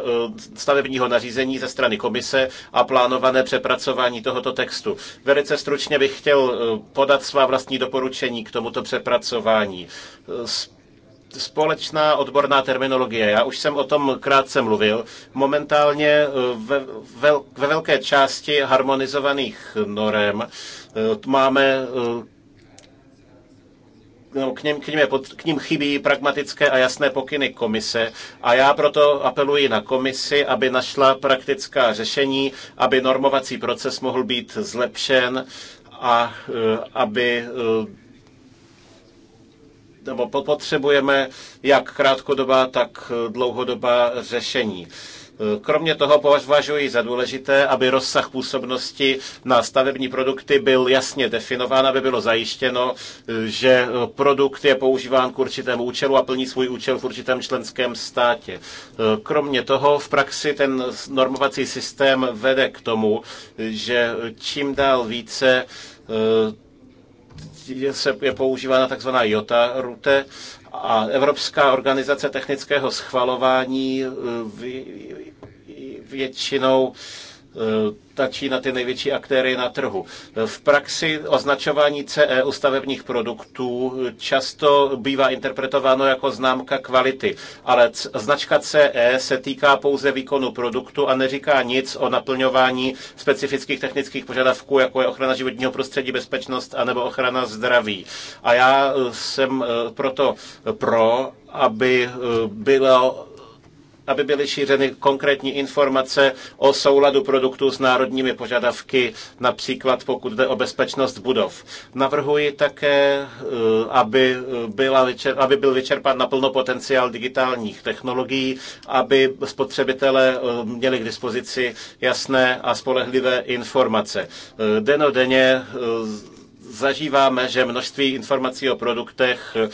S4: stavebního nařízení ze strany komise a plánované přepracování tohoto textu. Velice stručně bych chtěl eh, podat svá vlastní doporučení k tomuto přepracování. Eh, společná odborná terminologie. Já už jsem o tom krátce mluvil. Momentálně eh, ve, vel, ve velké části harmonizovaných norem eh, máme No, k, ním, k, ním je pod, k ním chybí pragmatické a jasné pokyny komise a já proto apeluji na komisi, aby našla praktická řešení, aby normovací proces mohl být zlepšen a aby nebo potřebujeme jak krátkodobá, tak eh, dlouhodobá řešení. Eh, kromě toho považuji za důležité, aby rozsah působnosti na stavební produkty byl jasně definován, aby bylo zajištěno, eh, že produkt je používán k určitému účelu a plní svůj účel v určitém členském státě. Kromě toho v praxi ten normovací systém vede k tomu, že čím dál více je, se, je používána takzvaná JOTA rute a Evropská organizace technického schvalování eh, většinou Eh, tačí na ty největší aktéry na trhu. V praxi označování CE u stavebních produktů často bývá interpretováno jako známka kvality, ale značka CE se týká pouze výkonu produktu a neříká nic o naplňování specifických technických požadavků, jako je ochrana životního prostředí, bezpečnost anebo ochrana zdraví. A já eh, jsem eh, proto pro, aby bylo aby byly šířeny konkrétní informace o souladu produktů s národními požadavky, například pokud jde o bezpečnost budov. Navrhuji také, eh, aby, eh, byla, aby byl vyčerpán naplno potenciál digitálních technologií, aby spotřebitelé eh, měli k dispozici jasné a spolehlivé informace. Denodenně zažíváme, že množství informací o produktech eh,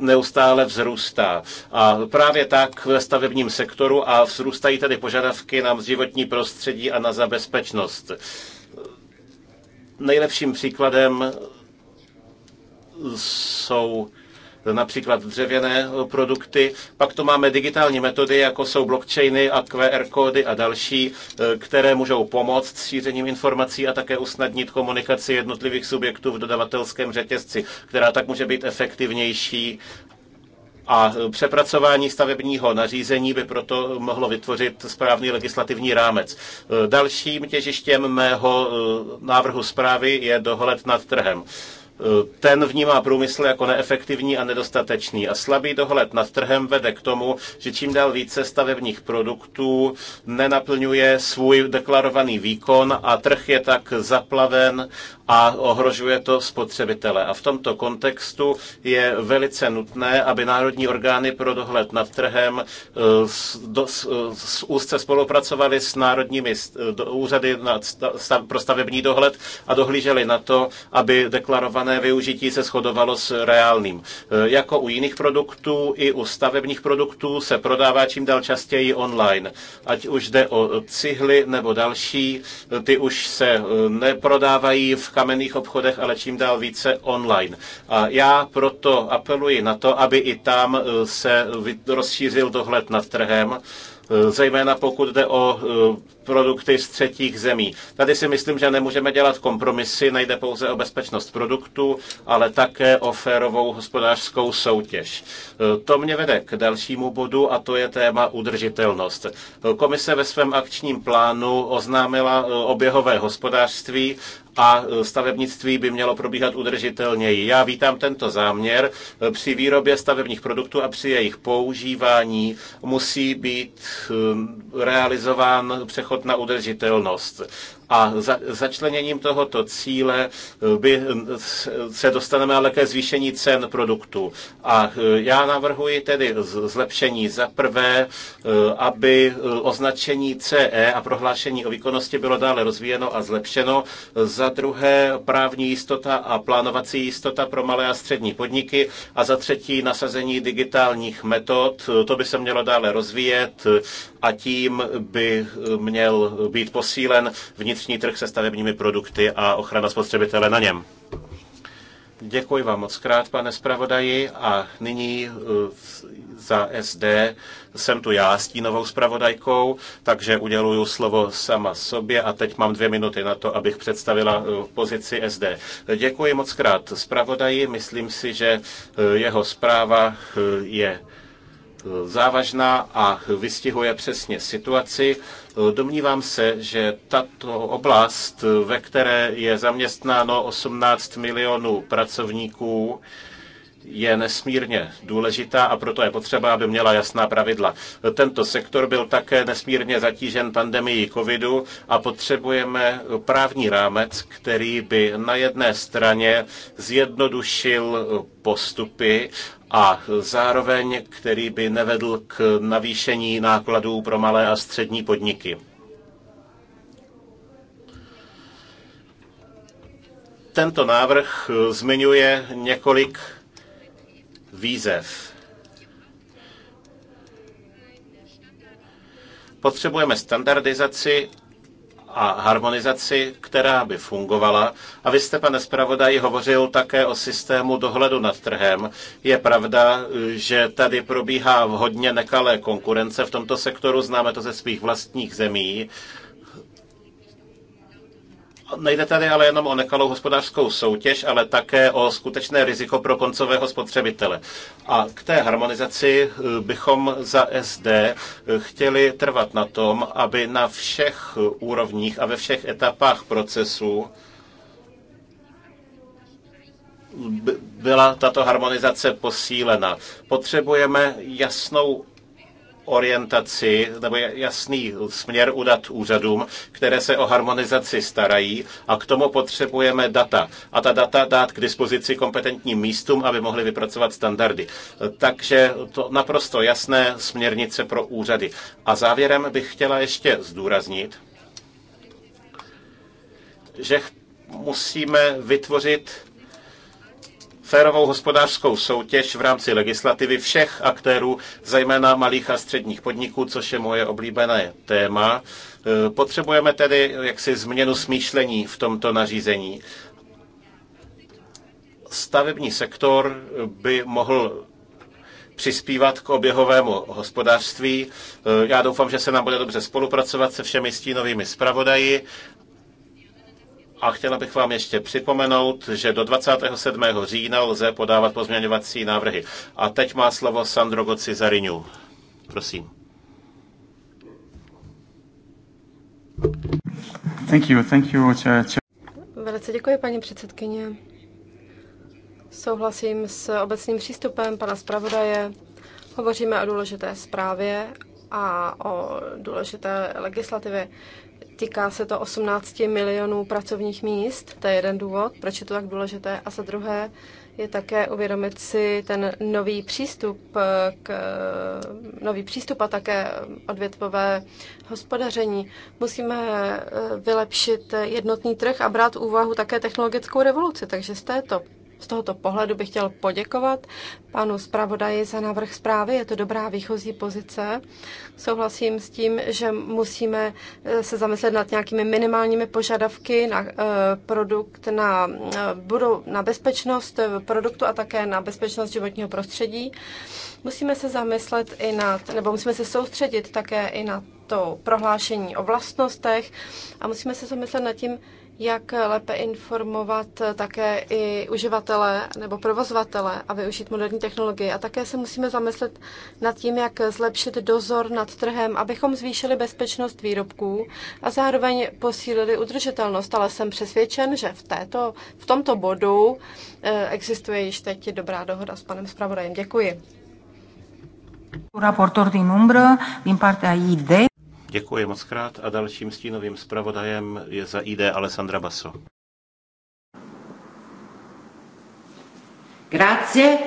S4: neustále vzrůstá. A právě tak ve stavebním sektoru a vzrůstají tedy požadavky na životní prostředí a na zabezpečnost. Nejlepším příkladem jsou například dřevěné eh, produkty. Pak tu máme digitální metody, jako jsou blockchainy a QR kódy a další, eh, které můžou pomoct s šířením informací a také usnadnit komunikaci jednotlivých subjektů v dodavatelském řetězci, která tak může být efektivnější a eh, přepracování stavebního nařízení by proto mohlo vytvořit správný legislativní rámec. Dalším těžištěm mého návrhu zprávy je dohled nad trhem. Eh, ten vnímá průmysl jako neefektivní a nedostatečný. A slabý dohled nad trhem vede k tomu, že čím dál více stavebních produktů nenaplňuje svůj deklarovaný výkon a trh je tak zaplaven a ohrožuje to spotřebitele. A v tomto kontextu je velice nutné, aby národní orgány pro dohled nad trhem eh, s, do, s, eh, s úzce spolupracovaly s národními úřady pro stavební dohled a dohlíželi na to, aby deklarované reálné využití se shodovalo s reálným. E, jako u jiných produktů, i u stavebních produktů se prodává čím dál častěji online. Ať už jde o cihly nebo další, e, ty už se e, neprodávají v kamenných obchodech, ale čím dál více online. A já proto apeluji na to, aby i tam se rozšířil dohled nad trhem, Eh, zejména pokud jde o eh, produkty z třetích zemí. Tady si myslím, že nemůžeme dělat kompromisy, nejde pouze o bezpečnost produktů, ale také o férovou hospodářskou soutěž. Eh, to mě vede k dalšímu bodu a to je téma udržitelnost. Komise ve svém akčním plánu oznámila oběhové hospodářství a e, stavebnictví by mělo probíhat udržitelněji. Já vítám tento záměr. E, při výrobě stavebních produktů a při jejich používání musí být e, realizován přechod na udržitelnost. A za, začleněním tohoto cíle eh, by eh, se dostaneme ale ke zvýšení cen produktů. A eh, já navrhuji tedy zlepšení za prvé, aby označení CE a prohlášení o výkonnosti bylo dále rozvíjeno a zlepšeno. Za druhé právní jistota a plánovací jistota pro malé a střední podniky. A za třetí nasazení digitálních metod. To by se mělo dále rozvíjet a tím by měl být posílen vnitřní vnitřní trh se stavebními produkty a ochrana spotřebitele na něm. Děkuji vám moc krát, pane zpravodaji, a nyní eh, za SD jsem tu já stínovou zpravodajkou, takže uděluju slovo sama sobě a teď mám dvě minuty na to, abych představila eh, pozici SD. Děkuji moc krát zpravodaji, myslím si, že eh, jeho zpráva je závažná a vystihuje přesně situaci. Domnívám se, že tato oblast, ve které je zaměstnáno 18 milionů pracovníků, je nesmírně důležitá a proto je potřeba, aby měla jasná pravidla. Tento sektor byl také nesmírně zatížen pandemií covidu a potřebujeme právní rámec, který by na jedné straně zjednodušil postupy a zároveň, který by nevedl k navýšení nákladů pro malé a střední podniky. Tento návrh eh, zmiňuje několik výzev. Potřebujeme standardizaci a harmonizaci, která by fungovala. A vy jste, pane zpravodaji, hovořil také o systému dohledu nad trhem. Je pravda, že tady probíhá hodně nekalé konkurence v tomto sektoru, známe to ze svých vlastních zemí. Nejde tady ale jenom o nekalou hospodářskou soutěž, ale také o skutečné riziko pro koncového spotřebitele. A k té harmonizaci eh, bychom za SD eh, chtěli trvat na tom, aby na všech eh, úrovních a ve všech etapách procesu byla tato harmonizace posílena. Potřebujeme jasnou orientaci nebo jasný směr udat úřadům, které se o harmonizaci starají a k tomu potřebujeme data. A ta data dát k dispozici kompetentním místům, aby mohli vypracovat standardy. Takže to naprosto jasné směrnice pro úřady. A závěrem bych chtěla ještě zdůraznit, že musíme vytvořit férovou hospodářskou soutěž v rámci legislativy všech aktérů, zejména malých a středních podniků, což je moje oblíbené téma. E, potřebujeme tedy jaksi změnu smýšlení v tomto nařízení. Stavební sektor by mohl přispívat k oběhovému hospodářství. E, já doufám, že se nám bude dobře spolupracovat se všemi stínovými zpravodaji a chtěla bych vám ještě připomenout, že do 27. října lze podávat pozměňovací návrhy. A teď má slovo Sandro Goci Zariňu. Prosím.
S1: Thank you, thank you, chair,
S3: chair. Velice děkuji, paní předsedkyně. Souhlasím s obecným přístupem pana zpravodaje. Hovoříme o důležité zprávě a o důležité legislativě. Týká se to 18 milionů pracovních míst, to je jeden důvod, proč je to tak důležité. A za druhé je také uvědomit si ten nový přístup, eh, k, eh, nový přístup a také odvětvové hospodaření. Musíme eh, vylepšit jednotný trh a brát úvahu také technologickou revoluci, takže z této z tohoto pohledu bych chtěl poděkovat panu zpravodaji za návrh zprávy. Je to dobrá výchozí pozice. Souhlasím s tím, že musíme eh, se zamyslet nad nějakými minimálními požadavky na eh, produkt, na, eh, na bezpečnost produktu a také na bezpečnost životního prostředí. Musíme se zamyslet i nad, nebo musíme se soustředit také i na to prohlášení o vlastnostech a musíme se zamyslet nad tím, jak lépe informovat také i uživatele nebo provozovatele a využít moderní technologie. A také se musíme zamyslet nad tím, jak zlepšit dozor nad trhem, abychom zvýšili bezpečnost výrobků a zároveň posílili udržitelnost. Ale jsem přesvědčen, že v, této, v tomto bodu eh, existuje již teď dobrá dohoda s panem zpravodajem. Děkuji.
S1: Raportor din umbră, din
S3: partea ID.
S4: Děkuji moc krát a dalším stínovým zpravodajem je za ID Alessandra Basso.
S1: Grazie.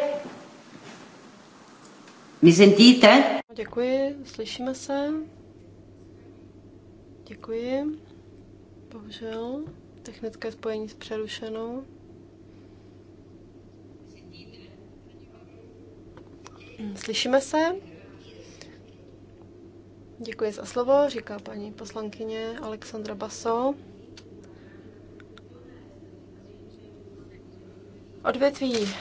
S1: Mi sentite?
S3: Děkuji, slyšíme se. Děkuji. Bohužel, technické spojení s přerušenou. Slyšíme se? Děkuji za slovo, říká paní poslankyně Alexandra Baso. Odvětví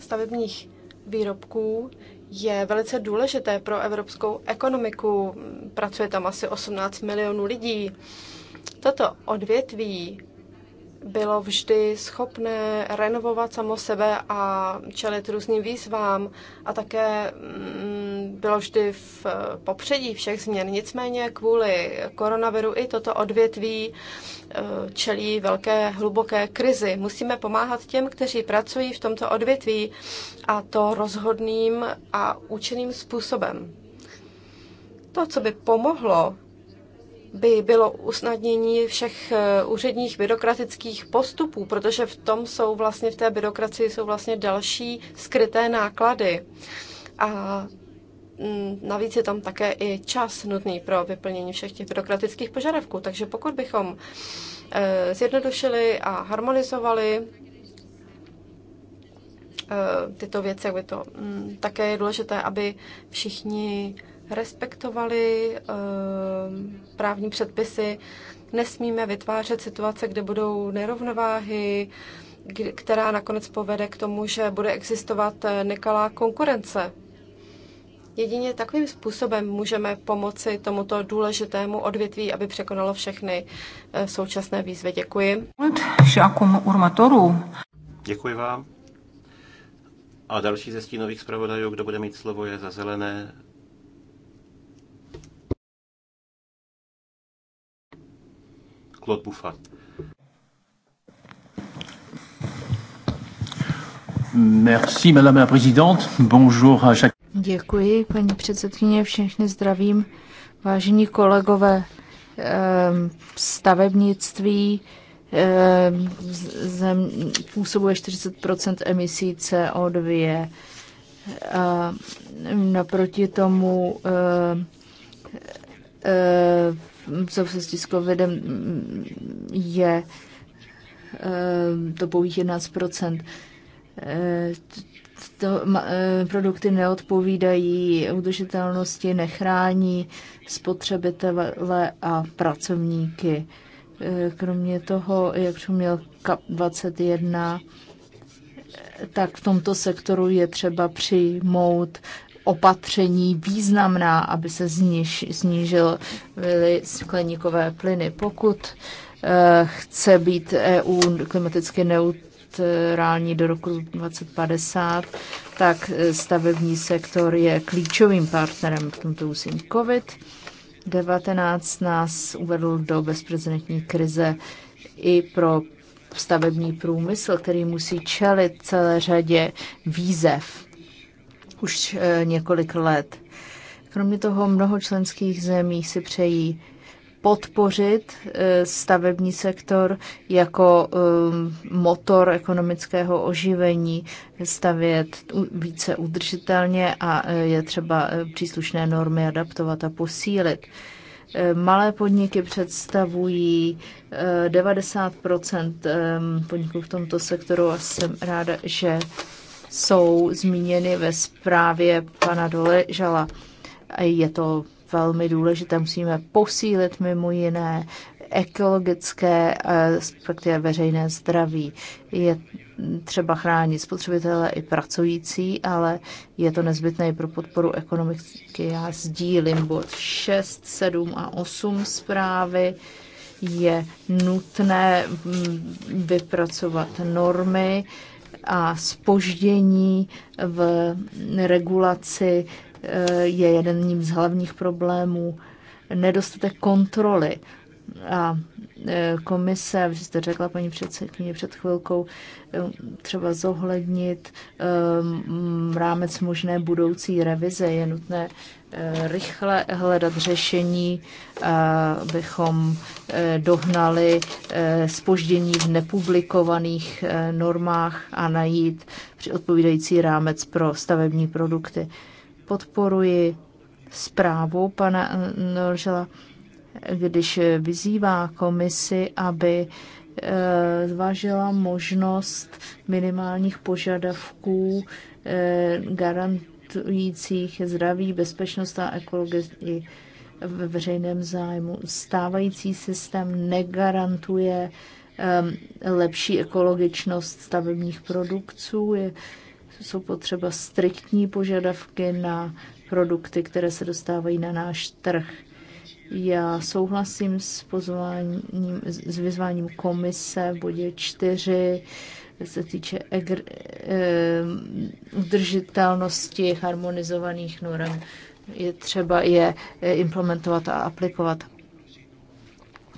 S3: stavebních výrobků je velice důležité pro evropskou ekonomiku. Pracuje tam asi 18 milionů lidí. Toto odvětví bylo vždy schopné renovovat samo sebe a čelit různým výzvám a také mm, bylo vždy v eh, popředí všech změn. Nicméně kvůli koronaviru i toto odvětví eh, čelí velké hluboké krizi. Musíme pomáhat těm, kteří pracují v tomto odvětví a to rozhodným a účinným způsobem. To, co by pomohlo by bylo usnadnění všech eh, úředních byrokratických postupů, protože v tom jsou vlastně, v té byrokracii jsou vlastně další skryté náklady. A mm, navíc je tam také i čas nutný pro vyplnění všech těch byrokratických požadavků. Takže pokud bychom eh, zjednodušili a harmonizovali eh, tyto věci, jak by to mm, také je důležité, aby všichni respektovali ehm, právní předpisy. Nesmíme vytvářet situace, kde budou nerovnováhy, která nakonec povede k tomu, že bude existovat eh, nekalá konkurence. Jedině takovým způsobem můžeme pomoci tomuto důležitému odvětví, aby překonalo všechny eh, současné výzvy. Děkuji.
S4: Děkuji vám. A další ze stínových zpravodajů, kdo bude mít slovo, je za zelené Claude Buffat. Merci, madame la présidente. Bonjour à chaque...
S5: Děkuji, paní předsedkyně, všechny zdravím. Vážení kolegové, ehm, stavebnictví ehm, zem, působuje 40 emisí CO2. A ehm, naproti tomu v souvislosti s covidem mm, je ehm, to pouhých 11 ehm, to, ehm, produkty neodpovídají udržitelnosti, nechrání spotřebitele a pracovníky. Kromě toho, jak měl KAP 21, tak v tomto sektoru je třeba přijmout opatření významná, aby se zniž, snížily skleníkové plyny. Pokud eh, chce být EU klimaticky neutrální do roku 2050, tak eh, stavební sektor je klíčovým partnerem v tomto úsilí. COVID-19 nás uvedl do bezprecedentní krize i pro stavební průmysl, který musí čelit celé řadě výzev už eh, několik let. Kromě toho mnoho členských zemí si přejí podpořit eh, stavební sektor jako ehm, motor ekonomického oživení, stavět více udržitelně a eh, je třeba příslušné normy adaptovat a posílit. Malé podniky představují 90 ehm, podniků v tomto sektoru a jsem ráda, že jsou zmíněny ve zprávě pana Doležala. Je to velmi důležité, musíme posílit mimo jiné ekologické eh, respektive veřejné zdraví. Je třeba chránit spotřebitele i pracující, ale je to nezbytné i pro podporu ekonomiky. Já sdílím bod 6, 7 a 8 zprávy. Je nutné mm, vypracovat normy, a spoždění v regulaci eh, je jedním z hlavních problémů. Nedostatek kontroly. A eh, komise, vy jste řekla paní předsedkyně před chvilkou, eh, třeba zohlednit rámec možné budoucí revize. Je nutné Eh, rychle hledat řešení, eh, abychom eh, dohnali spoždění v nepublikovaných normách a najít při odpovídající rámec pro stavební produkty. Podporuji zprávu pana Noržela, když vyzývá komisi, aby zvažila možnost minimálních požadavků garant cestujících, zdraví, bezpečnost a ekologii ve veřejném zájmu. Stávající systém negarantuje um, lepší ekologičnost stavebních produktů. Je, jsou potřeba striktní požadavky na produkty, které se dostávají na náš trh. Já souhlasím s, pozváním, s vyzváním komise v bodě 4 se týče eh, udržitelnosti harmonizovaných norm, je třeba je eh, implementovat a aplikovat.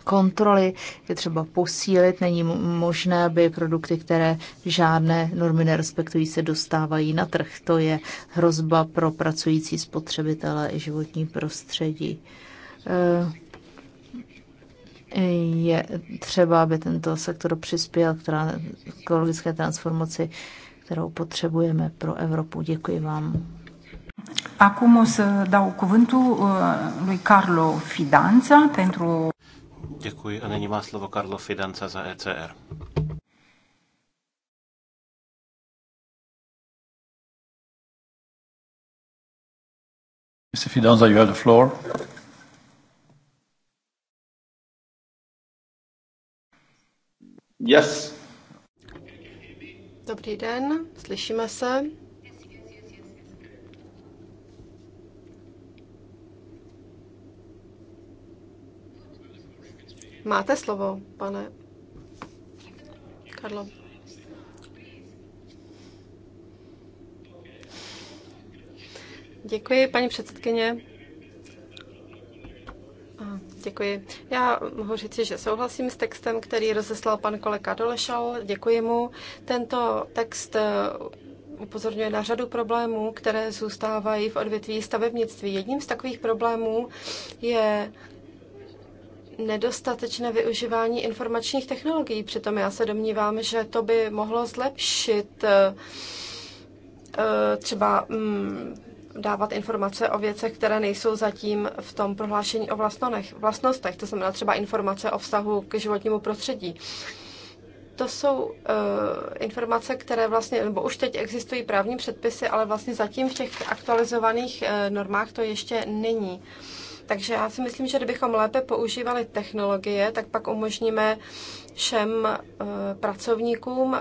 S5: Kontroly je třeba posílit, není možné, aby produkty, které žádné normy nerespektují, se dostávají na trh. To je hrozba pro pracující spotřebitele i životní prostředí. E, je třeba, aby tento sektor přispěl k ekologické transformaci, kterou potřebujeme pro Evropu. Děkuji vám.
S1: Acum o să dau cuvântul uh, lui Carlo Fidanța pentru...
S4: Děkuji a nyní má slovo Carlo Fidanța za ECR.
S1: Mr. Fidanza, you have the floor.
S2: Yes.
S3: Dobrý den, slyšíme se. Máte slovo, pane Karlo. Děkuji, paní předsedkyně. Děkuji. Já mohu říci, že souhlasím s textem, který rozeslal pan kolega Dolešal. Děkuji mu. Tento text eh, upozorňuje na řadu problémů, které zůstávají v odvětví stavebnictví. Jedním z takových problémů je nedostatečné využívání informačních technologií. Přitom já se domnívám, že to by mohlo zlepšit eh, eh, třeba mm, dávat informace o věcech, které nejsou zatím v tom prohlášení o vlastnostech, vlastnostech to znamená třeba informace o vztahu k životnímu prostředí. To jsou uh, informace, které vlastně, nebo už teď existují právní předpisy, ale vlastně zatím v těch aktualizovaných uh, normách to ještě není. Takže já si myslím, že kdybychom lépe používali technologie, tak pak umožníme uh, všem eh, pracovníkům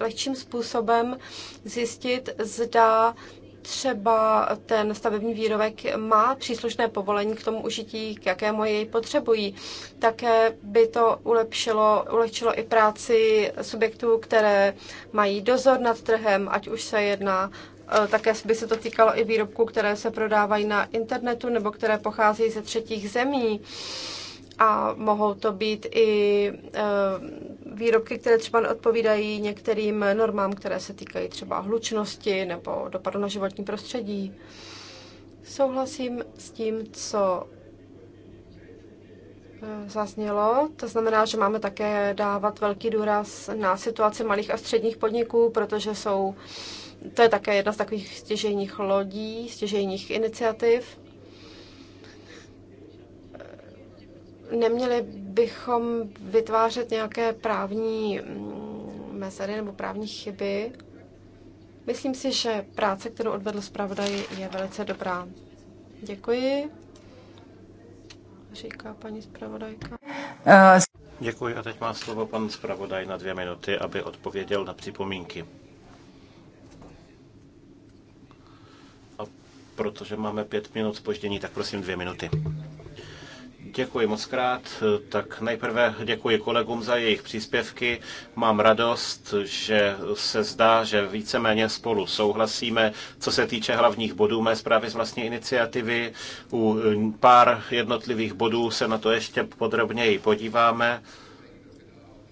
S3: lehčím způsobem zjistit, zda třeba ten stavební výrobek má příslušné povolení k tomu užití, k jakému jej potřebují. Také by to ulepšilo, ulehčilo i práci subjektů, které mají dozor nad trhem, ať už se jedná eh, také by se to týkalo i výrobků, které se prodávají na internetu nebo které pocházejí ze třetích zemí a mohou to být i eh, výrobky, které třeba neodpovídají některým normám, které se týkají třeba hlučnosti nebo dopadu na životní prostředí. Souhlasím s tím, co eh, zaznělo. To znamená, že máme také dávat velký důraz na situaci malých a středních podniků, protože jsou, to je také jedna z takových stěžejních lodí, stěžejních iniciativ. neměli bychom vytvářet nějaké právní mm, mezery nebo právní chyby. Myslím si, že práce, kterou odvedl zpravodaj, je velice dobrá. Děkuji, říká paní zpravodajka.
S4: Děkuji a teď má slovo pan zpravodaj na dvě minuty, aby odpověděl na připomínky. A protože máme pět minut spoždění, tak prosím dvě minuty. Děkuji moc krát. Tak nejprve děkuji kolegům za jejich příspěvky. Mám radost, že se zdá, že víceméně spolu souhlasíme, co se týče hlavních bodů mé zprávy z vlastní iniciativy. U pár jednotlivých bodů se na to ještě podrobněji podíváme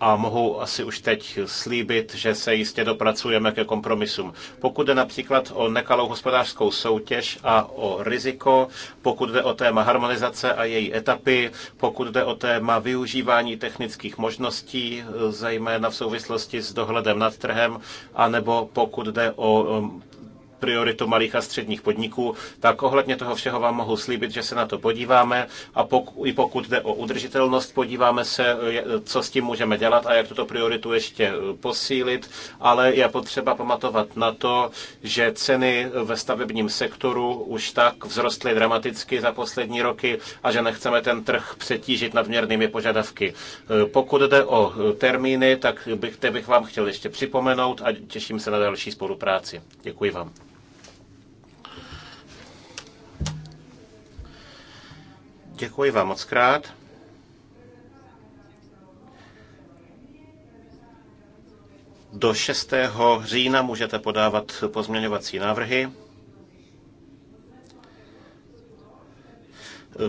S4: a mohu asi už teď slíbit, že se jistě dopracujeme ke kompromisům. Pokud jde například o nekalou hospodářskou soutěž a o riziko, pokud jde o téma harmonizace a její etapy, pokud jde o téma využívání technických možností, eh, zejména v souvislosti s dohledem nad trhem, anebo pokud jde o eh, prioritu malých a středních podniků, tak ohledně toho všeho vám mohu slíbit, že se na to podíváme a poku, i pokud jde o udržitelnost, podíváme se, co s tím můžeme dělat a jak tuto prioritu ještě e, posílit, ale je potřeba pamatovat na to, že ceny ve stavebním sektoru už tak vzrostly dramaticky za poslední roky a že nechceme ten trh přetížit nadměrnými požadavky. E, pokud jde o e, termíny, tak bych, te bych vám chtěl ještě připomenout a těším se na další spolupráci. Děkuji vám. Děkuji vám moc krát. Do 6. října můžete podávat pozměňovací návrhy,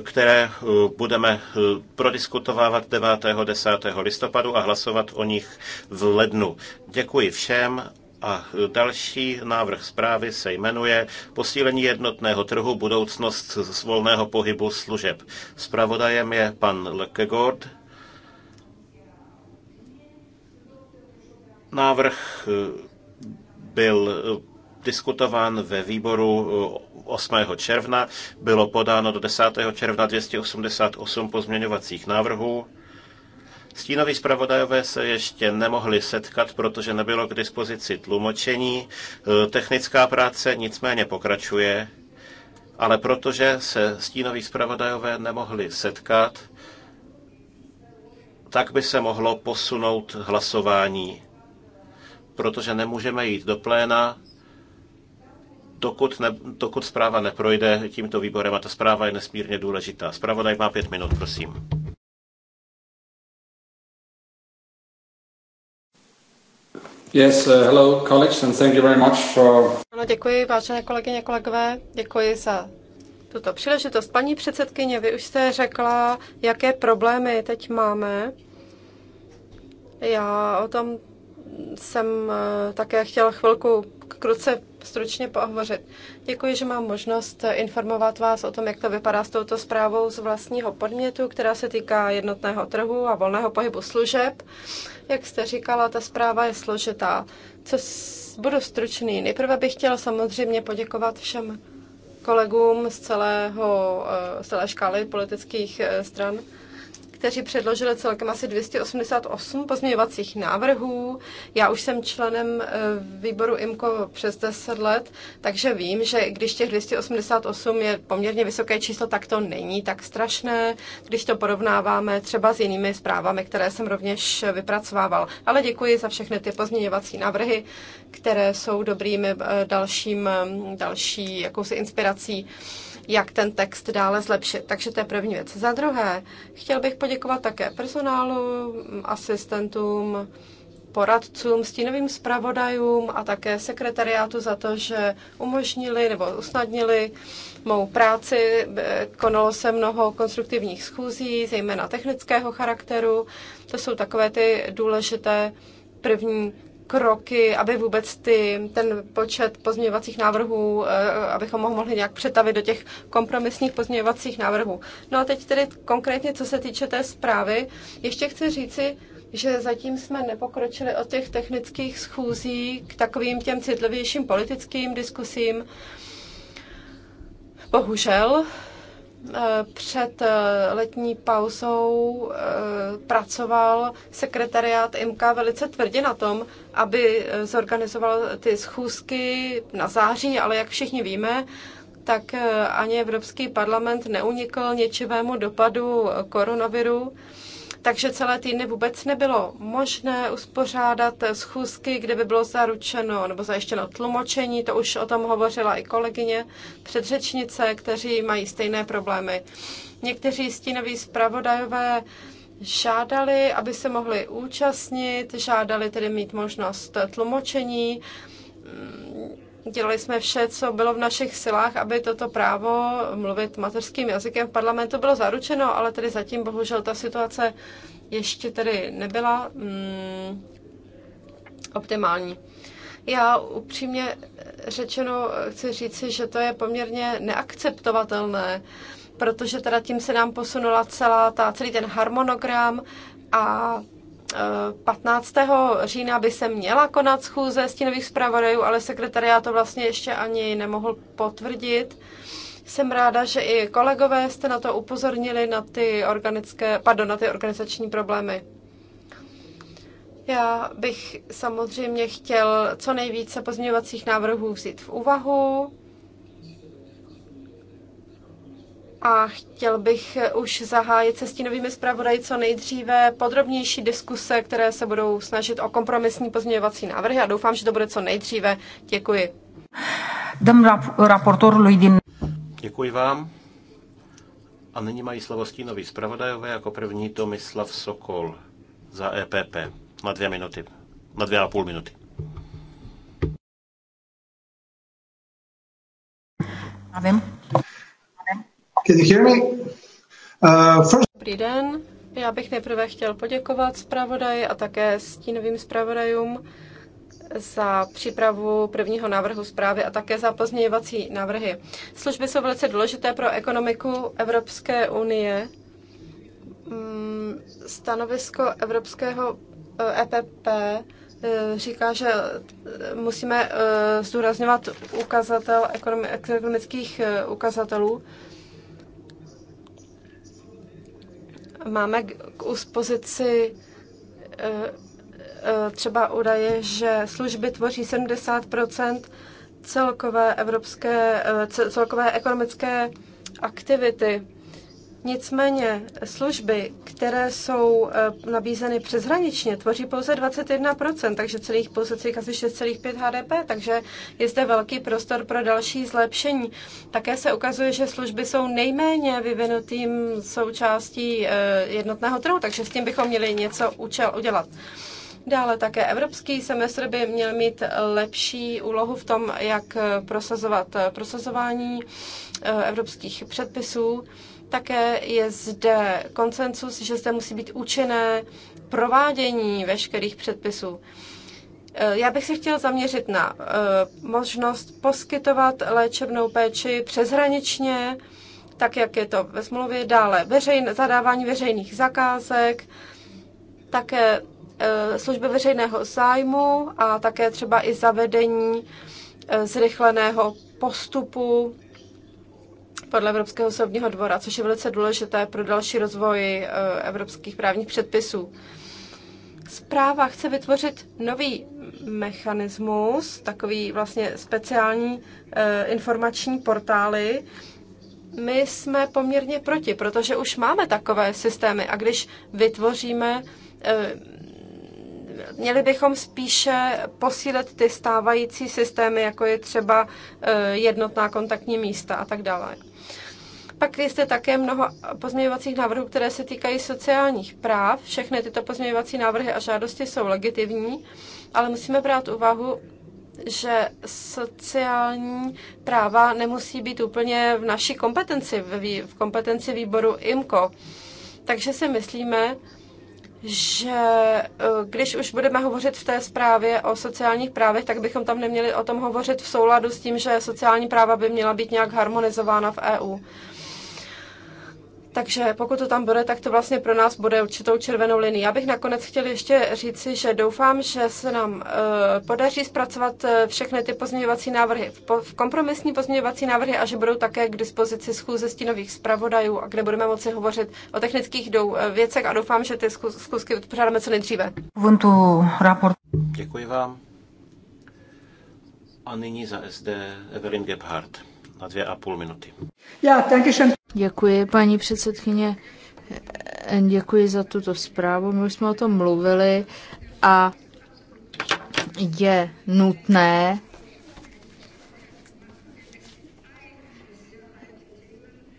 S4: které eh, budeme eh, prodiskutovávat 9. 10. listopadu a hlasovat o nich v lednu. Děkuji všem a další návrh zprávy se jmenuje Posílení jednotného trhu budoucnost z volného pohybu služeb. Spravodajem je pan Lekegord. Návrh eh, byl eh, diskutován ve výboru 8. Eh, června. Bylo podáno do 10. června 288 pozměňovacích návrhů. Stínoví zpravodajové se ještě nemohli setkat, protože nebylo k dispozici tlumočení. E, technická práce nicméně pokračuje, ale protože se stínoví zpravodajové nemohli setkat, tak by se mohlo posunout hlasování, protože nemůžeme jít do pléna, dokud, ne, dokud zpráva neprojde tímto výborem, a ta zpráva je nesmírně důležitá. Zpravodaj má pět minut, prosím.
S1: Yes, uh, hello colleagues and thank you very much
S3: for... Ano, děkuji, vážené kolegyně, kolegové, děkuji za tuto příležitost. Paní předsedkyně, vy už jste řekla, jaké problémy teď máme. Já o tom jsem eh, také chtěla chvilku kruce stručně pohovořit. Děkuji, že mám možnost informovat vás o tom, jak to vypadá s touto zprávou z vlastního podmětu, která se týká jednotného trhu a volného pohybu služeb. Jak jste říkala, ta zpráva je složitá. Co budu stručný. Nejprve bych chtěla samozřejmě poděkovat všem kolegům z, celého, eh, z celé škály politických eh, stran, kteří předložili celkem asi 288 pozměňovacích návrhů. Já už jsem členem eh, výboru IMCO přes 10 let, takže vím, že když těch 288 je poměrně vysoké číslo, tak to není tak strašné, když to porovnáváme třeba s jinými zprávami, které jsem rovněž vypracovával. Ale děkuji za všechny ty pozměňovací návrhy, které jsou dobrými eh, dalším, eh, další jakousi inspirací jak ten text dále zlepšit. Takže to je první věc. Za druhé, chtěl bych poděkovat také personálu, asistentům, poradcům, stínovým zpravodajům a také sekretariátu za to, že umožnili nebo usnadnili mou práci. Konalo se mnoho konstruktivních schůzí, zejména technického charakteru. To jsou takové ty důležité první kroky, aby vůbec ty, ten počet pozměňovacích návrhů, eh, abychom ho mohli nějak přetavit do těch kompromisních pozměňovacích návrhů. No a teď tedy konkrétně, co se týče té zprávy, ještě chci říci, že zatím jsme nepokročili od těch technických schůzí k takovým těm citlivějším politickým diskusím. Bohužel, Eh, před eh, letní pauzou eh, pracoval sekretariát MK velice tvrdě na tom, aby zorganizoval ty schůzky na září, ale jak všichni víme, tak ani Evropský parlament neunikl něčivému dopadu koronaviru takže celé týdny vůbec nebylo možné uspořádat schůzky, kde by bylo zaručeno nebo zajištěno tlumočení, to už o tom hovořila i kolegyně předřečnice, kteří mají stejné problémy. Někteří stínoví zpravodajové žádali, aby se mohli účastnit, žádali tedy mít možnost tlumočení, Dělali jsme vše, co bylo v našich silách, aby toto právo mluvit mateřským jazykem v parlamentu bylo zaručeno, ale tedy zatím bohužel ta situace ještě tedy nebyla mm, optimální. Já upřímně řečeno chci říci, že to je poměrně neakceptovatelné, protože teda tím se nám posunula celá ta, celý ten harmonogram a 15. října by se měla konat schůze stínových zpravodajů, ale sekretariát to vlastně ještě ani nemohl potvrdit. Jsem ráda, že i kolegové jste na to upozornili, na ty, organické, pardon, na ty organizační problémy. Já bych samozřejmě chtěl co nejvíce pozměňovacích návrhů vzít v úvahu. a chtěl bych už zahájit se stínovými zpravodaji co nejdříve podrobnější diskuse, které se budou snažit o kompromisní pozměňovací návrhy a doufám, že to bude co nejdříve. Děkuji.
S1: Dám
S4: Děkuji vám. A nyní mají slovo stínový zpravodajové jako první Tomislav Sokol za EPP na dvě minuty, na dvě a půl minuty.
S1: vím.
S2: Can you hear me? Uh, first...
S3: Dobrý den. Já bych nejprve chtěl poděkovat zpravodaji a také stínovým zpravodajům za přípravu prvního návrhu zprávy a také za pozměňovací návrhy. Služby jsou velice důležité pro ekonomiku Evropské unie. Mm, stanovisko Evropského EPP eh, e eh, říká, že eh, musíme zdůrazňovat ukazatel ekonomických ukazatelů Máme k uspozici eh, eh, třeba údaje, že služby tvoří 70 celkové evropské, eh, celkové ekonomické aktivity. Nicméně služby, které jsou eh, nabízeny přeshraničně, tvoří pouze 21%, takže celých pouze cca 6,5 HDP, takže je zde velký prostor pro další zlepšení. Také se ukazuje, že služby jsou nejméně vyvinutým součástí eh, jednotného trhu, takže s tím bychom měli něco účel udělat. Dále také evropský semestr by měl mít lepší úlohu v tom, jak eh, prosazovat prosazování evropských předpisů. Také je zde konsensus, že zde musí být účinné provádění veškerých předpisů. Eh, já bych se chtěl zaměřit na eh, možnost poskytovat léčebnou péči přeshraničně, tak jak je to ve smlouvě, dále veřejn, zadávání veřejných zakázek, také eh, služby veřejného zájmu a také třeba i zavedení zrychleného postupu podle Evropského soudního dvora, což je velice důležité pro další rozvoj eh, evropských právních předpisů. Zpráva chce vytvořit nový mechanismus, takový vlastně speciální eh, informační portály, my jsme poměrně proti, protože už máme takové systémy a když vytvoříme, eh, měli bychom spíše posílit ty stávající systémy, jako je třeba jednotná kontaktní místa a tak dále. Pak je zde také mnoho pozměňovacích návrhů, které se týkají sociálních práv. Všechny tyto pozměňovací návrhy a žádosti jsou legitimní, ale musíme brát úvahu, že sociální práva nemusí být úplně v naší kompetenci, v kompetenci výboru IMCO. Takže si myslíme, že eh, když už budeme hovořit v té zprávě o sociálních právech, tak bychom tam neměli o tom hovořit v souladu s tím, že sociální práva by měla být nějak harmonizována v EU. Takže pokud to tam bude, tak to vlastně pro nás bude určitou červenou linii. Já bych nakonec chtěl ještě říci, že doufám, že se nám eh, podaří zpracovat eh, všechny ty pozměňovací návrhy v kompromisní pozměňovací návrhy a že budou také k dispozici schůze stínových zpravodajů, a kde budeme moci hovořit o technických eh, věcech a doufám, že ty zkusky pořádáme co nejdříve.
S4: Vontu raport. Děkuji vám. A nyní za SD Evelyn Gebhardt na dvě a půl minuty.
S5: Já Děkuji, paní předsedkyně. Děkuji za tuto zprávu. My už jsme o tom mluvili a je nutné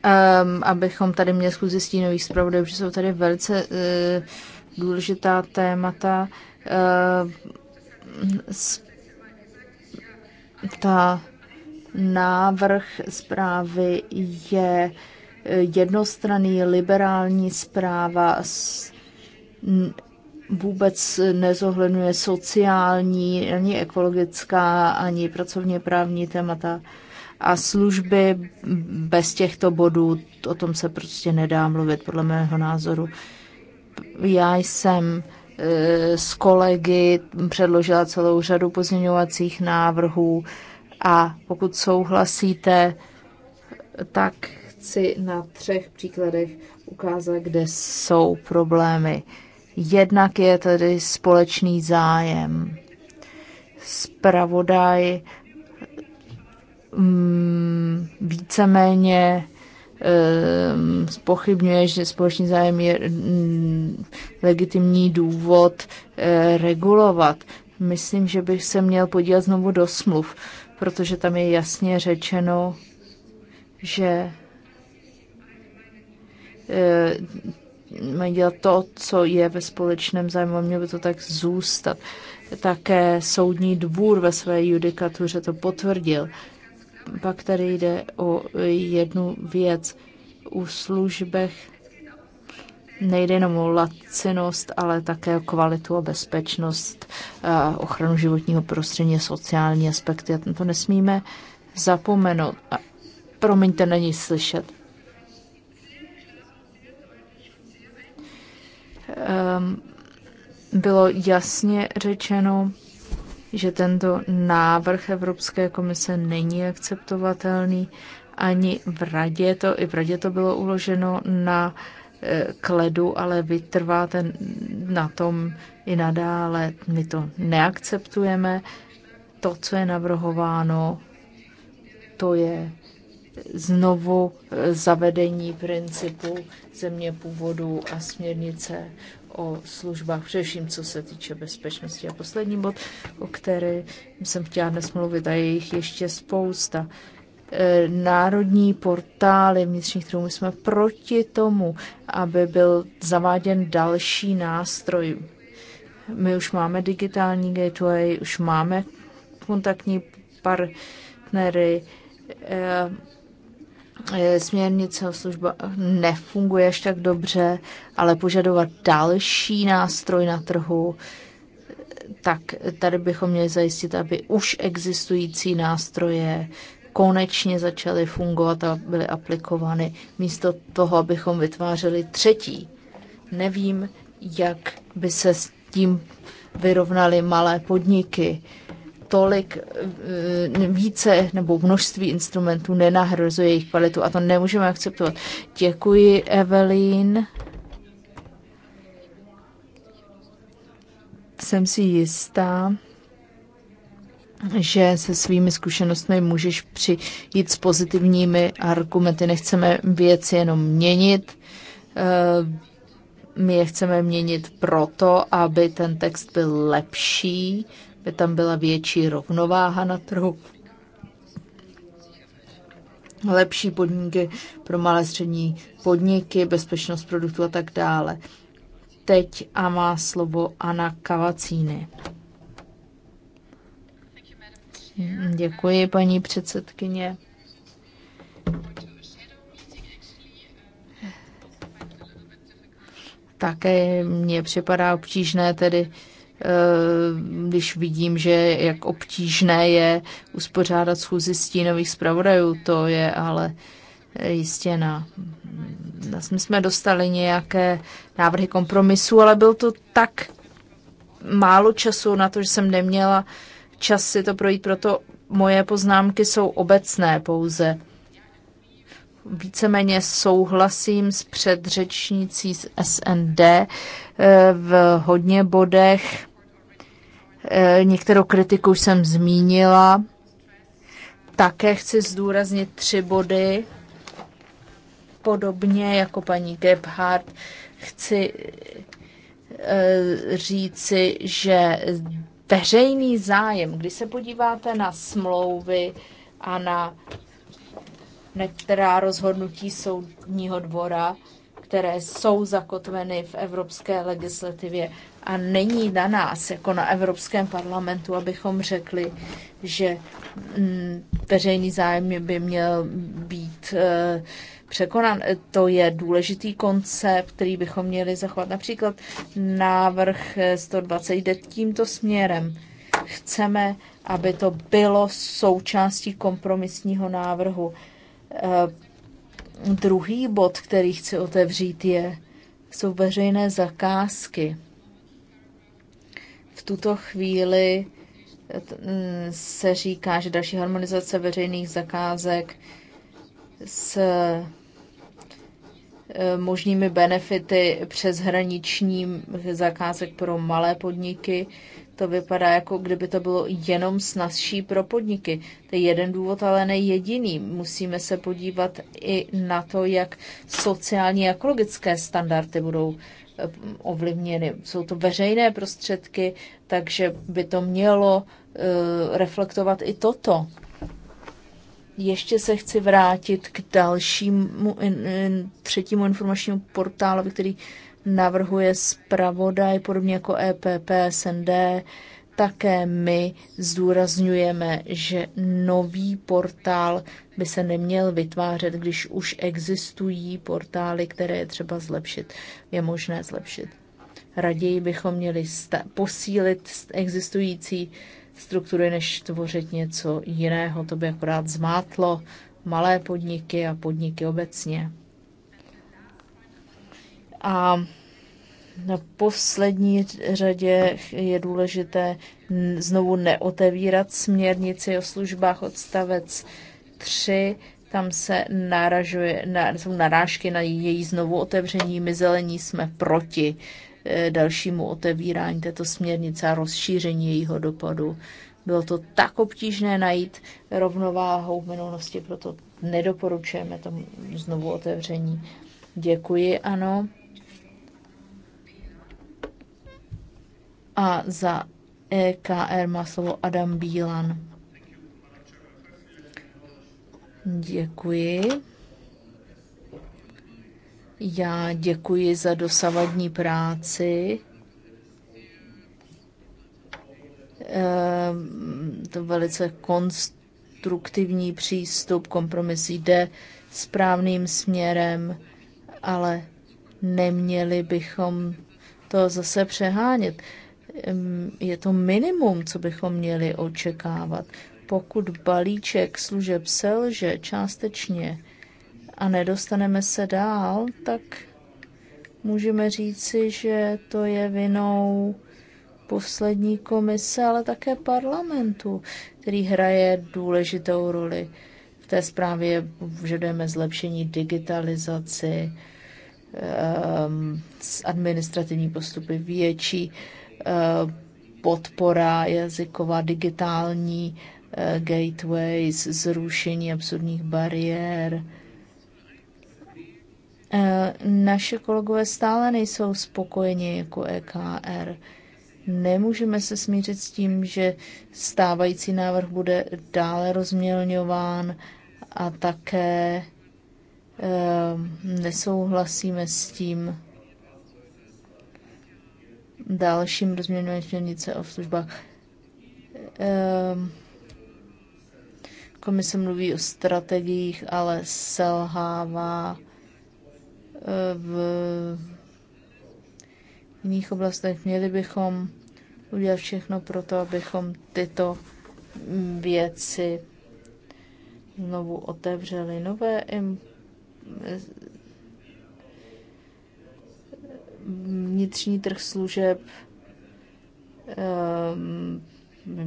S5: um, abychom tady měli schůzi nový zpravodajů, že jsou tady velice uh, důležitá témata. Uh, ta Návrh zprávy je eh, jednostranný liberální zpráva vůbec nezohledňuje sociální, ani ekologická, ani pracovně právní témata a služby bez těchto bodů, o tom se prostě nedá mluvit, podle mého názoru. Já jsem eh, s kolegy předložila celou řadu pozměňovacích návrhů, a pokud souhlasíte, tak chci na třech příkladech ukázat, kde jsou problémy. Jednak je tedy společný zájem. Spravodaj mm, víceméně ehm, spochybňuje, že společný zájem je mm, legitimní důvod eh, regulovat. Myslím, že bych se měl podívat znovu do smluv protože tam je jasně řečeno, že e, mají dělat to, co je ve společném zájmu, mělo by to tak zůstat. Také soudní dvůr ve své judikatuře to potvrdil. Pak tady jde o jednu věc. U službech nejde jenom o lacinost, ale také o kvalitu a bezpečnost, ochranu životního prostředí, sociální aspekty. A to nesmíme zapomenout. A promiňte, není slyšet. Ehm, bylo jasně řečeno, že tento návrh Evropské komise není akceptovatelný ani v radě to, i v radě to bylo uloženo na uh, E, k ledu, ale vy trváte na tom i nadále. My to neakceptujeme. To, co je navrhováno, to je znovu e, zavedení principu země původu a směrnice o službách, především co se týče bezpečnosti. A poslední bod, o který jsem chtěla dnes mluvit, a je jich ještě spousta. E, národní portály vnitřních trhů. My jsme proti tomu, aby byl zaváděn další nástroj. My už máme digitální gateway, už máme kontaktní partnery, e, e, směrnice o službách nefunguje až tak dobře, ale požadovat další nástroj na trhu, tak tady bychom měli zajistit, aby už existující nástroje konečně začaly fungovat a byly aplikovány, místo toho, abychom vytvářeli třetí. Nevím, jak by se s tím vyrovnaly malé podniky. Tolik eh, více nebo množství instrumentů nenahrazuje jejich kvalitu a to nemůžeme akceptovat. Děkuji, Evelyn. Jsem si jistá že se svými zkušenostmi můžeš přijít s pozitivními argumenty. Nechceme věci jenom měnit, eh, my je chceme měnit proto, aby ten text byl lepší, aby tam byla větší rovnováha na trhu, lepší podmínky pro malé střední podniky, bezpečnost produktů a tak dále. Teď a má slovo Ana Kavacíny. Mm, děkuji, paní předsedkyně. Také mně připadá obtížné tedy, eh, když vidím, že jak obtížné je uspořádat schůzi stínových zpravodajů, to je ale jistě na... My jsme dostali nějaké návrhy kompromisu, ale byl to tak málo času na to, že jsem neměla čas si to projít, proto moje poznámky jsou obecné pouze. Víceméně souhlasím s předřečnící z SND eh, v hodně bodech. Eh, některou kritiku jsem zmínila. Také chci zdůraznit tři body. Podobně jako paní Gebhardt chci eh, říci, že veřejný zájem. Když se podíváte na smlouvy a na některá rozhodnutí soudního dvora, které jsou zakotveny v evropské legislativě a není na nás, jako na Evropském parlamentu, abychom řekli, že mm, veřejný zájem by měl být eh, překonán. To je důležitý koncept, který bychom měli zachovat. Například návrh 120 jde tímto směrem. Chceme, aby to bylo součástí kompromisního návrhu. Eh, druhý bod, který chci otevřít, je, jsou veřejné zakázky. V tuto chvíli eh, se říká, že další harmonizace veřejných zakázek s Eh, možnými benefity přeshraničním zakázek pro malé podniky. To vypadá, jako kdyby to bylo jenom snazší pro podniky. To je jeden důvod, ale ne jediný. Musíme se podívat i na to, jak sociální a ekologické standardy budou eh, ovlivněny. Jsou to veřejné prostředky, takže by to mělo eh, reflektovat i toto. Ještě se chci vrátit k dalšímu třetímu informačnímu portálu, který navrhuje zpravodaj, podobně jako EPP, SND. Také my zdůrazňujeme, že nový portál by se neměl vytvářet, když už existují portály, které je třeba zlepšit. Je možné zlepšit. Raději bychom měli posílit existující struktury, než tvořit něco jiného. To by akorát zmátlo malé podniky a podniky obecně. A na poslední řadě je důležité znovu neotevírat směrnici o službách odstavec 3. Tam se naražuje, na, jsou narážky na její znovu otevření. My zelení jsme proti Eh, dalšímu otevírání této směrnice a rozšíření jejího dopadu. Bylo to tak obtížné najít rovnováhu v minulosti, proto nedoporučujeme tomu znovu otevření. Děkuji, ano. A za EKR má slovo Adam Bílan. Děkuji. Já děkuji za dosavadní práci. Ehm, to velice konstruktivní přístup, kompromis jde správným směrem, ale neměli bychom to zase přehánět. Ehm, je to minimum, co bychom měli očekávat. Pokud balíček služeb selže částečně, a nedostaneme se dál, tak můžeme říci, že to je vinou poslední komise, ale také parlamentu, který hraje důležitou roli. V té zprávě vyžadujeme zlepšení digitalizaci, ehm, administrativní postupy větší, ehm, podpora jazyková, digitální eh, gateways, zrušení absurdních bariér, Eh, naše kolegové stále nejsou spokojeni jako EKR. Nemůžeme se smířit s tím, že stávající návrh bude dále rozmělňován a také eh, nesouhlasíme s tím dalším rozměrem směrnice o službách. Eh, komise mluví o strategiích, ale selhává v jiných oblastech. Měli bychom udělat všechno pro to, abychom tyto věci znovu otevřeli. Nové im, vnitřní trh služeb ehm,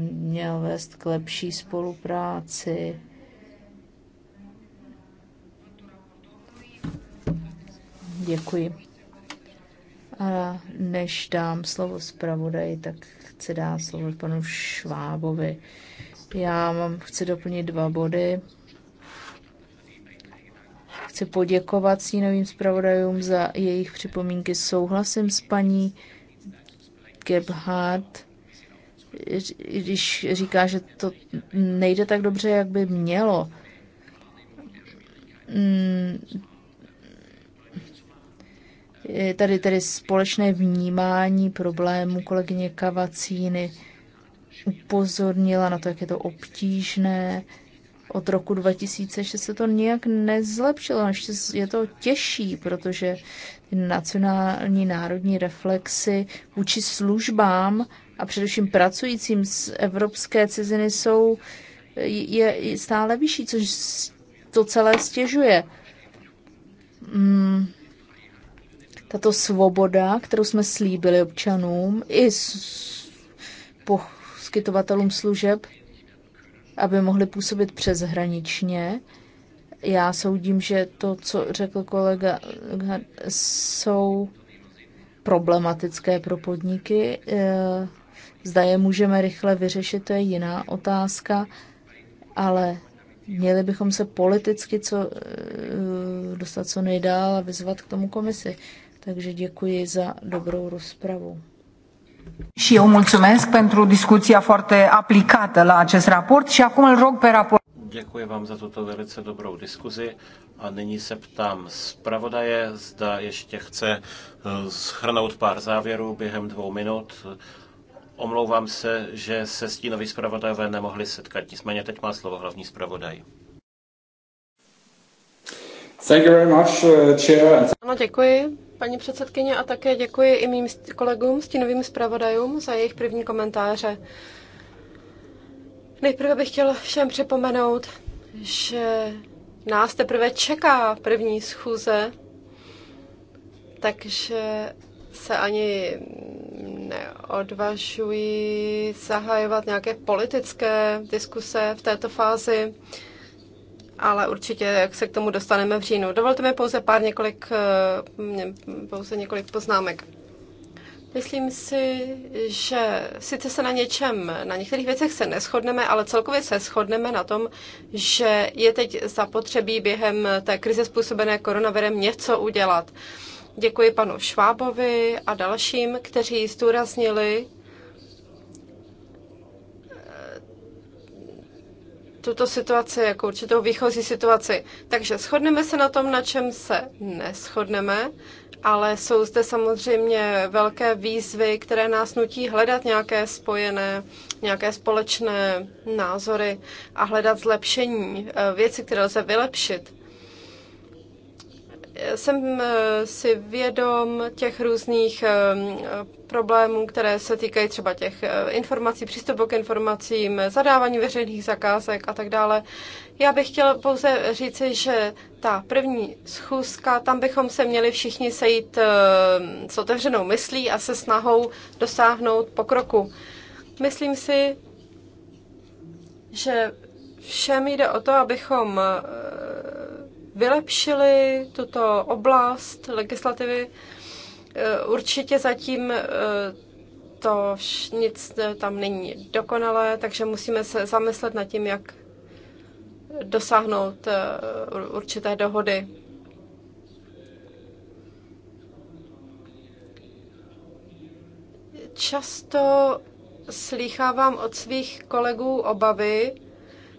S5: měl vést k lepší spolupráci Děkuji. A než dám slovo zpravodaji, tak chci dát slovo panu Švábovi. Já mám, chci doplnit dva body. Chci poděkovat sínovým zpravodajům za jejich připomínky. Souhlasím s paní Gebhardt, když říká, že to nejde tak dobře, jak by mělo hmm, tady tedy společné vnímání problému. kolegyně Kavacíny upozornila na to, jak je to obtížné. Od roku 2006 se to nijak nezlepšilo, ještě je to těžší, protože nacionální národní reflexy vůči službám a především pracujícím z evropské ciziny jsou je stále vyšší, což to celé stěžuje. Mm tato svoboda, kterou jsme slíbili občanům i poskytovatelům služeb, aby mohli působit přeshraničně. Já soudím, že to, co řekl kolega, jsou problematické pro podniky. E, zda je můžeme rychle vyřešit, to je jiná otázka, ale měli bychom se politicky co, e, dostat co nejdál a vyzvat k tomu komisi. Takže děkuji za dobrou rozpravu.
S1: Și eu mulțumesc pentru discuția foarte aplicată la acest raport și acum îl rog pe raport.
S4: Děkuji vám za tuto velice dobrou diskuzi a nyní se ptám zpravodaje, zda ještě chce eh, schrnout pár závěrů během dvou minut. Omlouvám se, že se stínoví zpravodajové nemohli setkat, nicméně teď má slovo hlavní zpravodaj. Thank you very much, uh,
S2: chair.
S3: Ano, děkuji, paní předsedkyně, a také děkuji i mým kolegům, stínovým zpravodajům, za jejich první komentáře. Nejprve bych chtěl všem připomenout, že nás teprve čeká první schůze, takže se ani neodvažuji zahajovat nějaké politické diskuse v této fázi ale určitě jak se k tomu dostaneme v říjnu. Dovolte mi pouze pár několik, eh, pouze několik poznámek. Myslím si, že sice se na něčem, na některých věcech se neschodneme, ale celkově se shodneme na tom, že je teď zapotřebí během té krize způsobené koronavirem něco udělat. Děkuji panu Švábovi a dalším, kteří zdůraznili, tuto situaci jako určitou výchozí situaci. Takže shodneme se na tom, na čem se neschodneme, ale jsou zde samozřejmě velké výzvy, které nás nutí hledat nějaké spojené, nějaké společné názory a hledat zlepšení, eh, věci, které lze vylepšit jsem eh, si vědom těch různých eh, problémů, které se týkají třeba těch eh, informací, přístupu k informacím, zadávání veřejných zakázek a tak dále. Já bych chtěla pouze říci, že ta první schůzka, tam bychom se měli všichni sejít s otevřenou myslí a se snahou dosáhnout pokroku. Myslím si, že všem jde o to, abychom vylepšili tuto oblast legislativy. E, určitě zatím e, to nic e, tam není dokonalé, takže musíme se zamyslet nad tím, jak dosáhnout určité dohody. Často slýchávám od svých kolegů obavy,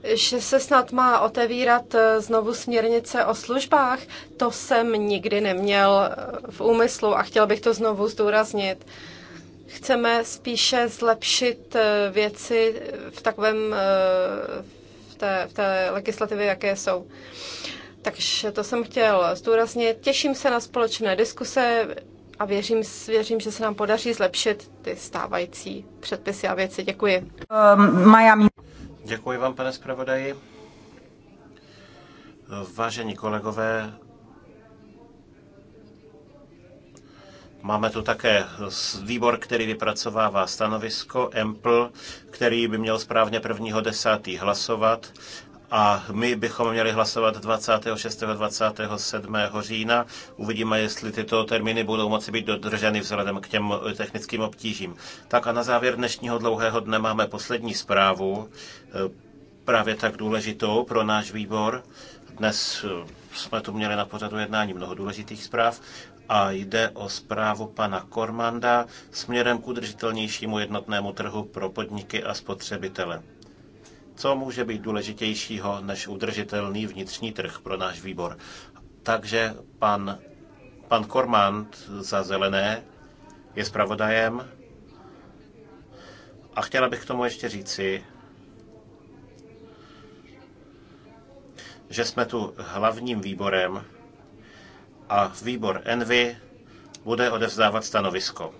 S3: že se snad má otevírat eh, znovu směrnice o službách, to jsem nikdy neměl eh, v úmyslu a chtěl bych to znovu zdůraznit. Chceme spíše zlepšit eh, věci v takovém v té, v té legislativě, jaké jsou. Takže to jsem chtěl zdůraznit. Těším se na společné diskuse a věřím, věřím, že se nám podaří zlepšit ty stávající předpisy a věci. Děkuji.
S4: Um, Miami. Děkuji vám, pane zpravodaji. Vážení kolegové, Máme tu také výbor, který vypracovává stanovisko, EMPL, který by měl správně prvního desátý hlasovat a my bychom měli hlasovat 26. a 27. října. Uvidíme, jestli tyto termíny budou moci být dodrženy vzhledem k těm technickým obtížím. Tak a na závěr dnešního dlouhého dne máme poslední zprávu, eh, právě tak důležitou pro náš výbor. Dnes eh, jsme tu měli na pořadu jednání mnoho důležitých zpráv a jde o zprávu pana Kormanda směrem k udržitelnějšímu jednotnému trhu pro podniky a spotřebitele. Co může být důležitějšího než udržitelný vnitřní trh pro náš výbor? Takže pan, pan Kormant za zelené je zpravodajem. A chtěla bych k tomu ještě říci, že jsme tu hlavním výborem a výbor Envy bude odevzdávat stanovisko.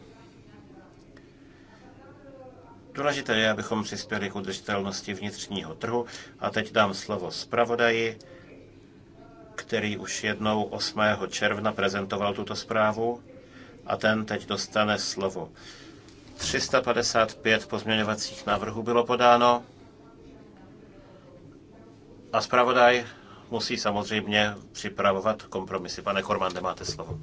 S4: Důležité je, abychom přispěli k udržitelnosti vnitřního trhu. A teď dám slovo zpravodaji, který už jednou 8. června prezentoval tuto zprávu a ten teď dostane slovo. 355 pozměňovacích návrhů bylo podáno a zpravodaj musí samozřejmě připravovat kompromisy. Pane Kormande, máte slovo.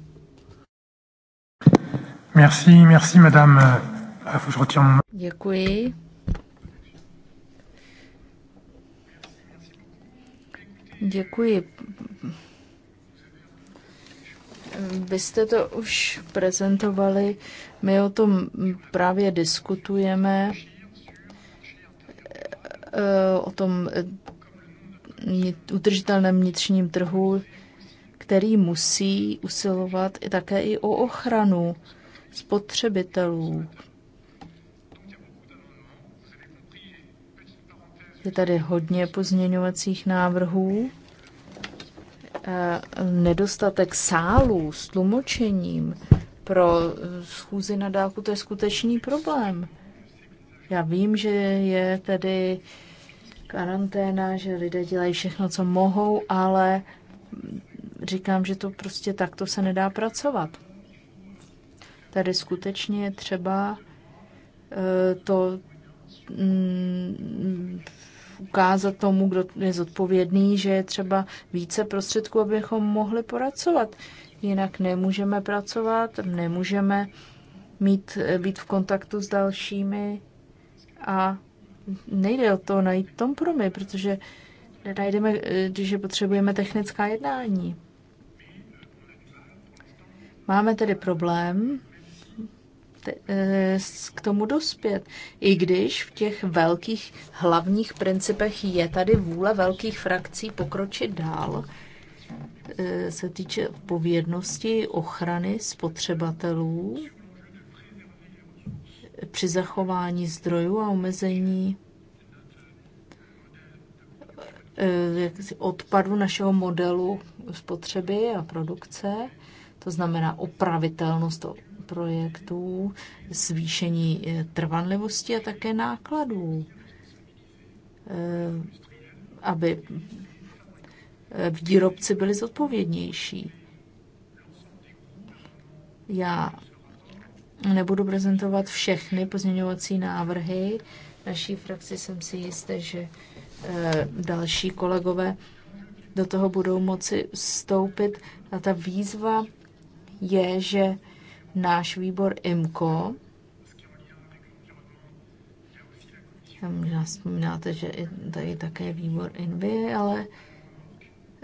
S5: Merci, merci, madame Ah, Děkuji. Děkuji. Vy jste to už prezentovali, my o tom právě diskutujeme, eh, o tom eh, udržitelném vnitřním trhu, který musí usilovat i také i o ochranu spotřebitelů, Je tady hodně pozměňovacích návrhů. Nedostatek sálů s tlumočením pro schůzi na dálku, to je skutečný problém. Já vím, že je tedy karanténa, že lidé dělají všechno, co mohou, ale říkám, že to prostě takto se nedá pracovat. Tady skutečně je třeba eh, to mm, ukázat tomu, kdo je zodpovědný, že je třeba více prostředků, abychom mohli poracovat. Jinak nemůžeme pracovat, nemůžeme mít, být v kontaktu s dalšími a nejde o to najít kompromis, protože najdeme, že potřebujeme technická jednání. Máme tedy problém, E, k tomu dospět. I když v těch velkých hlavních principech je tady vůle velkých frakcí pokročit dál, e, se týče povědnosti ochrany spotřebatelů při zachování zdrojů a omezení e, odpadu našeho modelu spotřeby a produkce, to znamená opravitelnost, projektů, zvýšení eh, trvanlivosti a také nákladů, eh, aby eh, výrobci byli zodpovědnější. Já nebudu prezentovat všechny pozměňovací návrhy. Naší frakci jsem si jisté, že další kolegové do toho budou moci vstoupit. A ta výzva je, že náš výbor IMCO. Já možná vzpomínáte, že i tady také výbor INVY, ale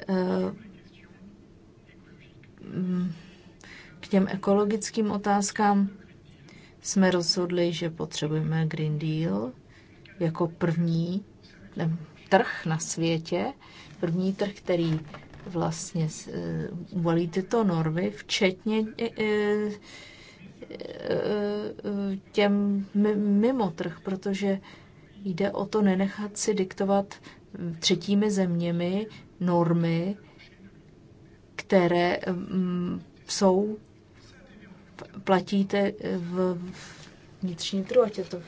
S5: eh, mm, k těm ekologickým otázkám jsme rozhodli, že potřebujeme Green Deal jako první trh na světě, první trh, který vlastně eh, volí tyto normy, včetně eh, eh, těm mimo trh, protože jde o to nenechat si diktovat třetími zeměmi normy, které mm, jsou platíte v vnitřní trhu, ať je to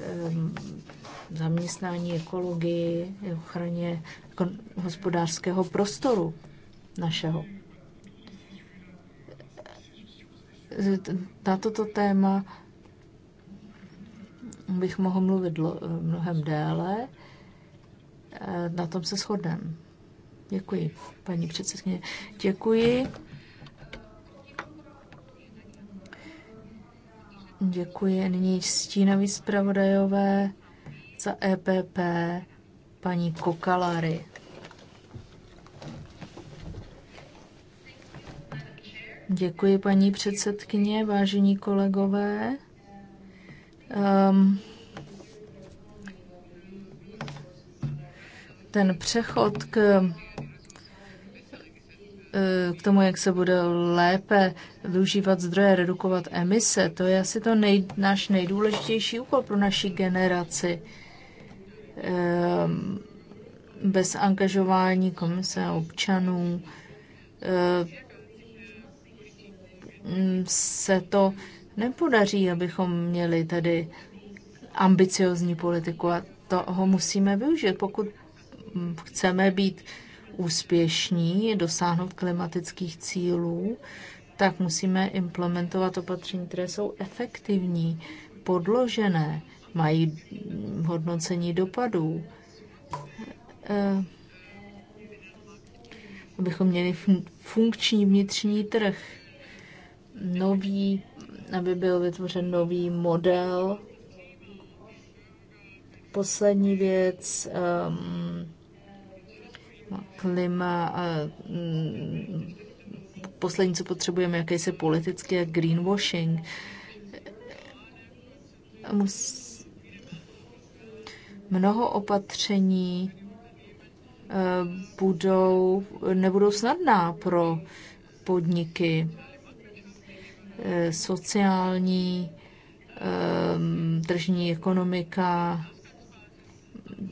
S5: Eh, zaměstnání, ekologii, ochraně hospodářského prostoru našeho. Na toto téma bych mohl mluvit mnohem déle. Eh, na tom se shodneme. Děkuji, paní předsedkyně. Děkuji. Děkuji. Nyní stínový zpravodajové za EPP paní Kokalary. Děkuji, paní předsedkyně, vážení kolegové. Um, ten přechod k Eh, k tomu, jak se bude lépe využívat zdroje, redukovat emise. To je asi to nej, náš nejdůležitější úkol pro naši generaci. Eh, bez angažování komise a občanů eh, se to nepodaří, abychom měli tady ambiciozní politiku a toho musíme využít. Pokud chceme být uh, úspěšní dosáhnout klimatických cílů, tak musíme implementovat opatření, které jsou efektivní, podložené, mají hodnocení dopadů. Eh, abychom měli funkční vnitřní trh, nový, aby byl vytvořen nový model. Poslední věc, um, klima a mm, poslední, co potřebujeme, jakýsi politický a greenwashing. Mnoho opatření e, budou, nebudou snadná pro podniky e, sociální, e, tržní ekonomika,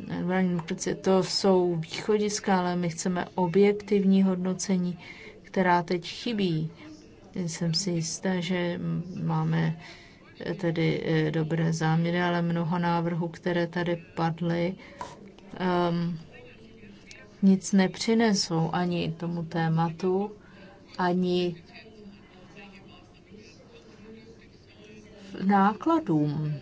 S5: environment, to jsou východiska, ale my chceme objektivní hodnocení, která teď chybí. Jsem si jistá, že máme tedy eh, dobré záměry, ale mnoho návrhů, které tady padly, um, nic nepřinesou ani tomu tématu, ani nákladům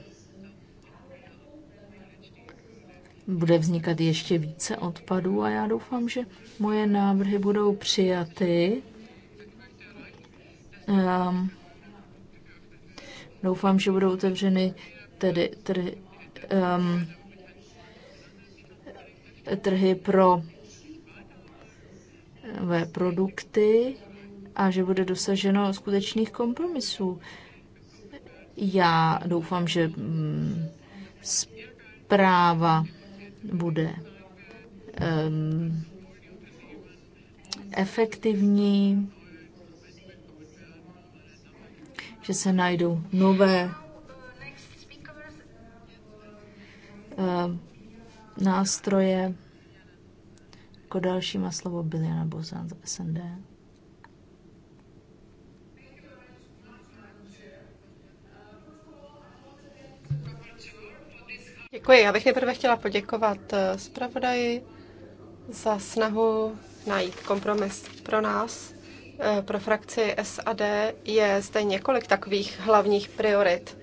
S5: bude vznikat ještě více odpadů a já doufám, že moje návrhy budou přijaty. Um, doufám, že budou otevřeny tedy, tedy um, trhy pro ve produkty a že bude dosaženo skutečných kompromisů. Já doufám, že mm, zpráva bude um, efektivní, že se najdou nové um, nástroje. Jako další má slovo Biliana Bozan z SND.
S3: Děkuji. Já bych nejprve chtěla poděkovat eh, zpravodaji za snahu najít kompromis pro nás. Eh, pro frakci SAD je zde několik takových hlavních priorit.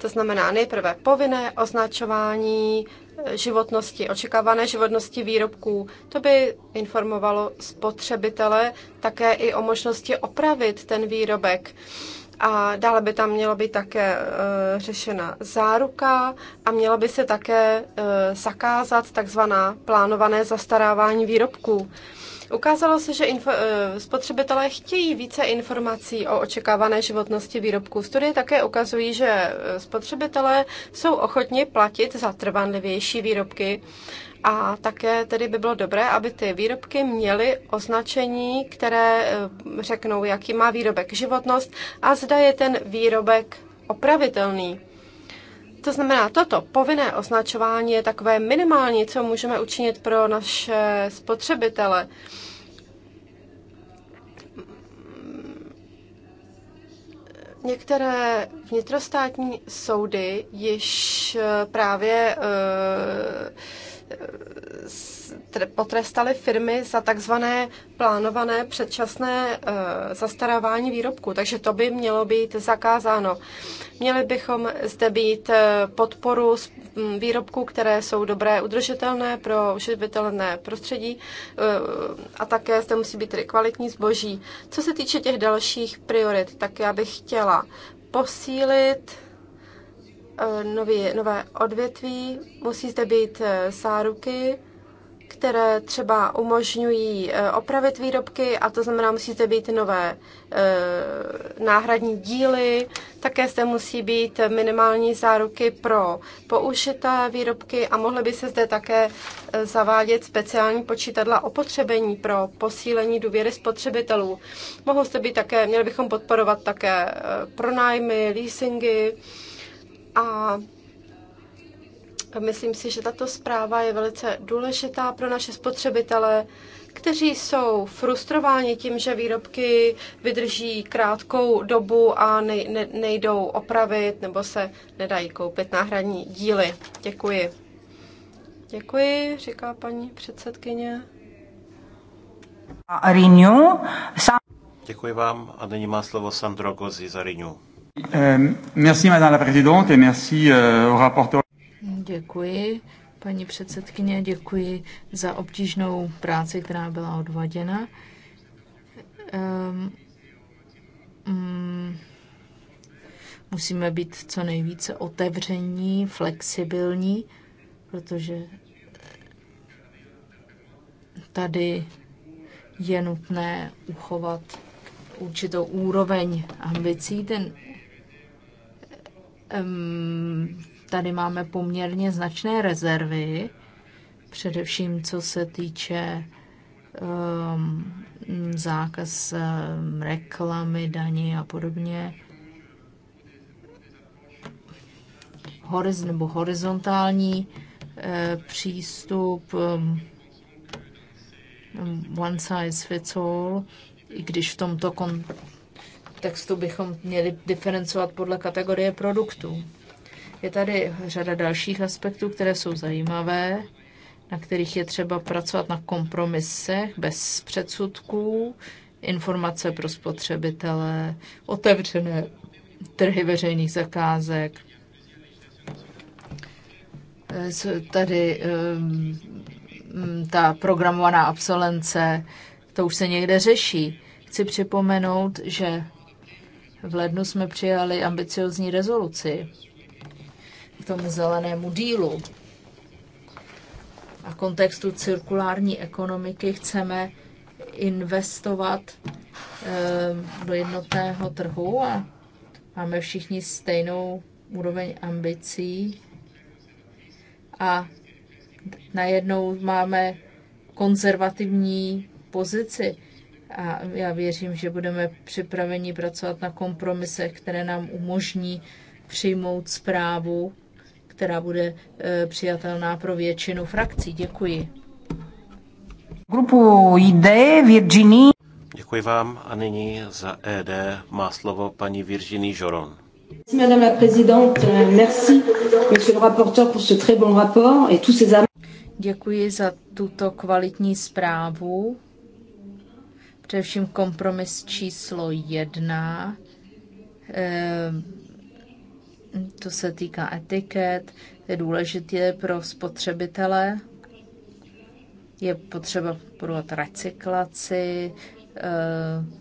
S3: To znamená nejprve povinné označování eh, životnosti, očekávané životnosti výrobků. To by informovalo spotřebitele také i o možnosti opravit ten výrobek. A dále by tam měla být také e, řešena záruka a měla by se také e, zakázat takzvaná plánované zastarávání výrobků. Ukázalo se, že info, e, spotřebitelé chtějí více informací o očekávané životnosti výrobků. Studie také ukazují, že spotřebitelé jsou ochotni platit za trvanlivější výrobky a také tedy by bylo dobré, aby ty výrobky měly označení, které eh, řeknou, jaký má výrobek životnost a zda je ten výrobek opravitelný. To znamená, toto povinné označování je takové minimální, co můžeme učinit pro naše spotřebitele. Některé vnitrostátní soudy již eh, právě uh, Eh, potrestali firmy za takzvané plánované předčasné eh, zastarávání výrobku, takže to by mělo být zakázáno. Měli bychom zde být eh, podporu výrobků, které jsou dobré, udržitelné pro uživitelné prostředí a také zde musí být tedy kvalitní zboží. Co se týče těch dalších priorit, tak já bych chtěla posílit Eh, nový, nové odvětví, musí zde být sáruky, eh, které třeba umožňují eh, opravit výrobky, a to znamená, musíte být nové náhradní díly, také zde musí být minimální záruky pro použité výrobky a mohly by se zde také zavádět speciální počítadla opotřebení pro posílení důvěry spotřebitelů. Mohou zde být také, měli bychom podporovat také pronájmy, leasingy, a myslím si, že tato zpráva je velice důležitá pro naše spotřebitele, kteří jsou frustrováni tím, že výrobky vydrží krátkou dobu a ne, nejdou opravit nebo se nedají koupit náhradní díly. Děkuji. Děkuji, říká
S4: paní předsedkyně. Děkuji vám a nyní má slovo Sandro Gozi za Renew.
S2: Ehm, merci, madame la présidente, et merci euh, au rapporteur.
S5: Děkuji, paní předsedkyně, děkuji za obtížnou práci, která byla odvaděna. Um, ehm, um, mm, musíme být co nejvíce otevření, flexibilní, protože tady je nutné uchovat určitou úroveň ambicí. Ten Tady máme poměrně značné rezervy, především co se týče zákaz reklamy, daní a podobně. Horiz, nebo horizontální eh, přístup, one size fits all, i když v tomto kon- textu bychom měli diferencovat podle kategorie produktů. Je tady řada dalších aspektů, které jsou zajímavé, na kterých je třeba pracovat na kompromisech bez předsudků, informace pro spotřebitele, otevřené trhy veřejných zakázek. Tady ehm, ta programovaná absolence to už se někde řeší. Chci připomenout, že v lednu jsme přijali ambiciozní rezoluci k tomu zelenému dílu. A v kontextu cirkulární ekonomiky chceme investovat eh, do jednotného trhu a máme všichni stejnou úroveň ambicí a najednou máme konzervativní pozici a já věřím, že budeme připraveni pracovat na kompromisech, které nám umožní přijmout zprávu, která bude e, přijatelná pro většinu frakcí. Děkuji.
S1: Grupu ID Virginie.
S4: Děkuji vám a nyní za ED má slovo paní Virginie Joron.
S3: Madame la présidente,
S5: merci, monsieur le rapporteur, pour
S1: ce très bon rapport et tous ces
S5: Děkuji za tuto kvalitní zprávu. Především kompromis číslo jedna, ehm, to se týká etiket, je důležité pro spotřebitele, je potřeba podporovat recyklaci, ehm,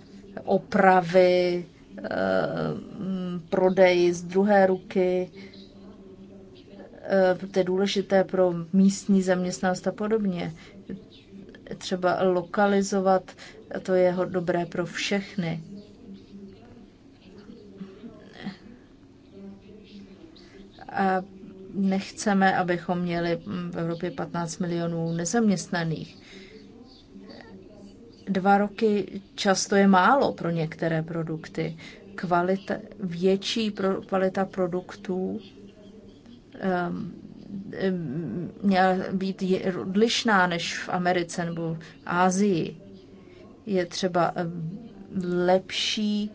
S5: opravy, ehm, prodej z druhé ruky, to je důležité pro místní zaměstnanost a podobně třeba lokalizovat, to je dobré pro všechny. A nechceme, abychom měli v Evropě 15 milionů nezaměstnaných. Dva roky často je málo pro některé produkty. Kvalita, větší pro, kvalita produktů um, Eh, měla být odlišná než v Americe nebo v Ázii. Je třeba eh, lepší,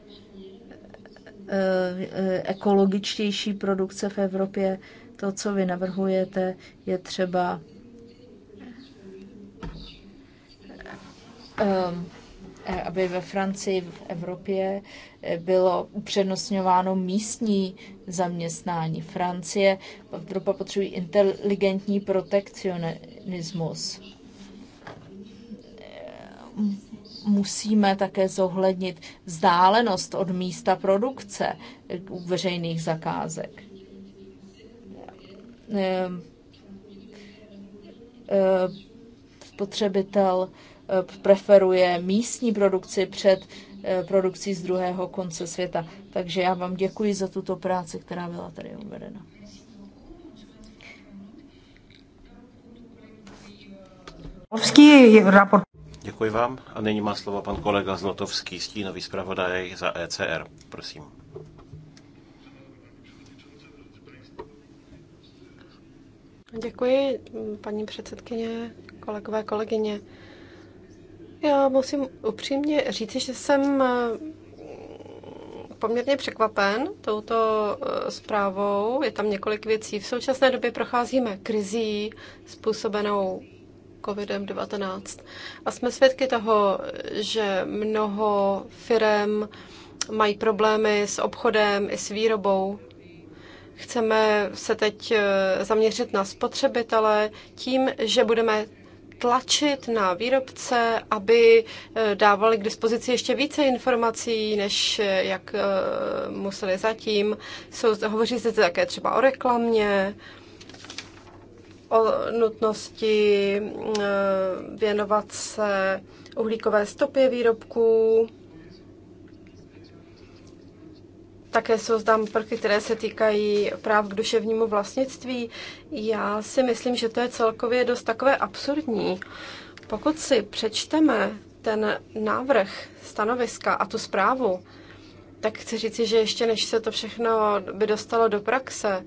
S5: eh, ekologičtější produkce v Evropě. To, co vy navrhujete, je třeba um, Eh, aby ve Francii, v Evropě eh, bylo upřednostňováno místní zaměstnání. Francie, Evropa potřebuje inteligentní protekcionismus. Eh, musíme také zohlednit vzdálenost od místa produkce u veřejných zakázek spotřebitel Eh, preferuje místní produkci před eh, produkcí z druhého konce světa. Takže já vám děkuji za tuto práci, která byla tady uvedena.
S4: Děkuji vám a nyní má slovo pan kolega Zlotovský, stínový zpravodaj za ECR. Prosím.
S3: Děkuji, paní předsedkyně, kolegové, kolegyně. Já musím upřímně říct, že jsem eh, poměrně překvapen touto eh, zprávou. Je tam několik věcí. V současné době procházíme krizí způsobenou COVID-19 a jsme svědky toho, že mnoho firm mají problémy s obchodem i s výrobou. Chceme se teď eh, zaměřit na spotřebitele tím, že budeme tlačit na výrobce, aby eh, dávali k dispozici ještě více informací, než eh, jak eh, museli zatím. Jsou, hovoří se také třeba o reklamě, o nutnosti věnovat se uhlíkové stopě výrobků. Také jsou tam prvky, které se týkají práv k duševnímu vlastnictví. Já si myslím, že to je celkově dost takové absurdní. Pokud si přečteme ten návrh stanoviska a tu zprávu, tak chci říci, že ještě než se to všechno by dostalo do praxe,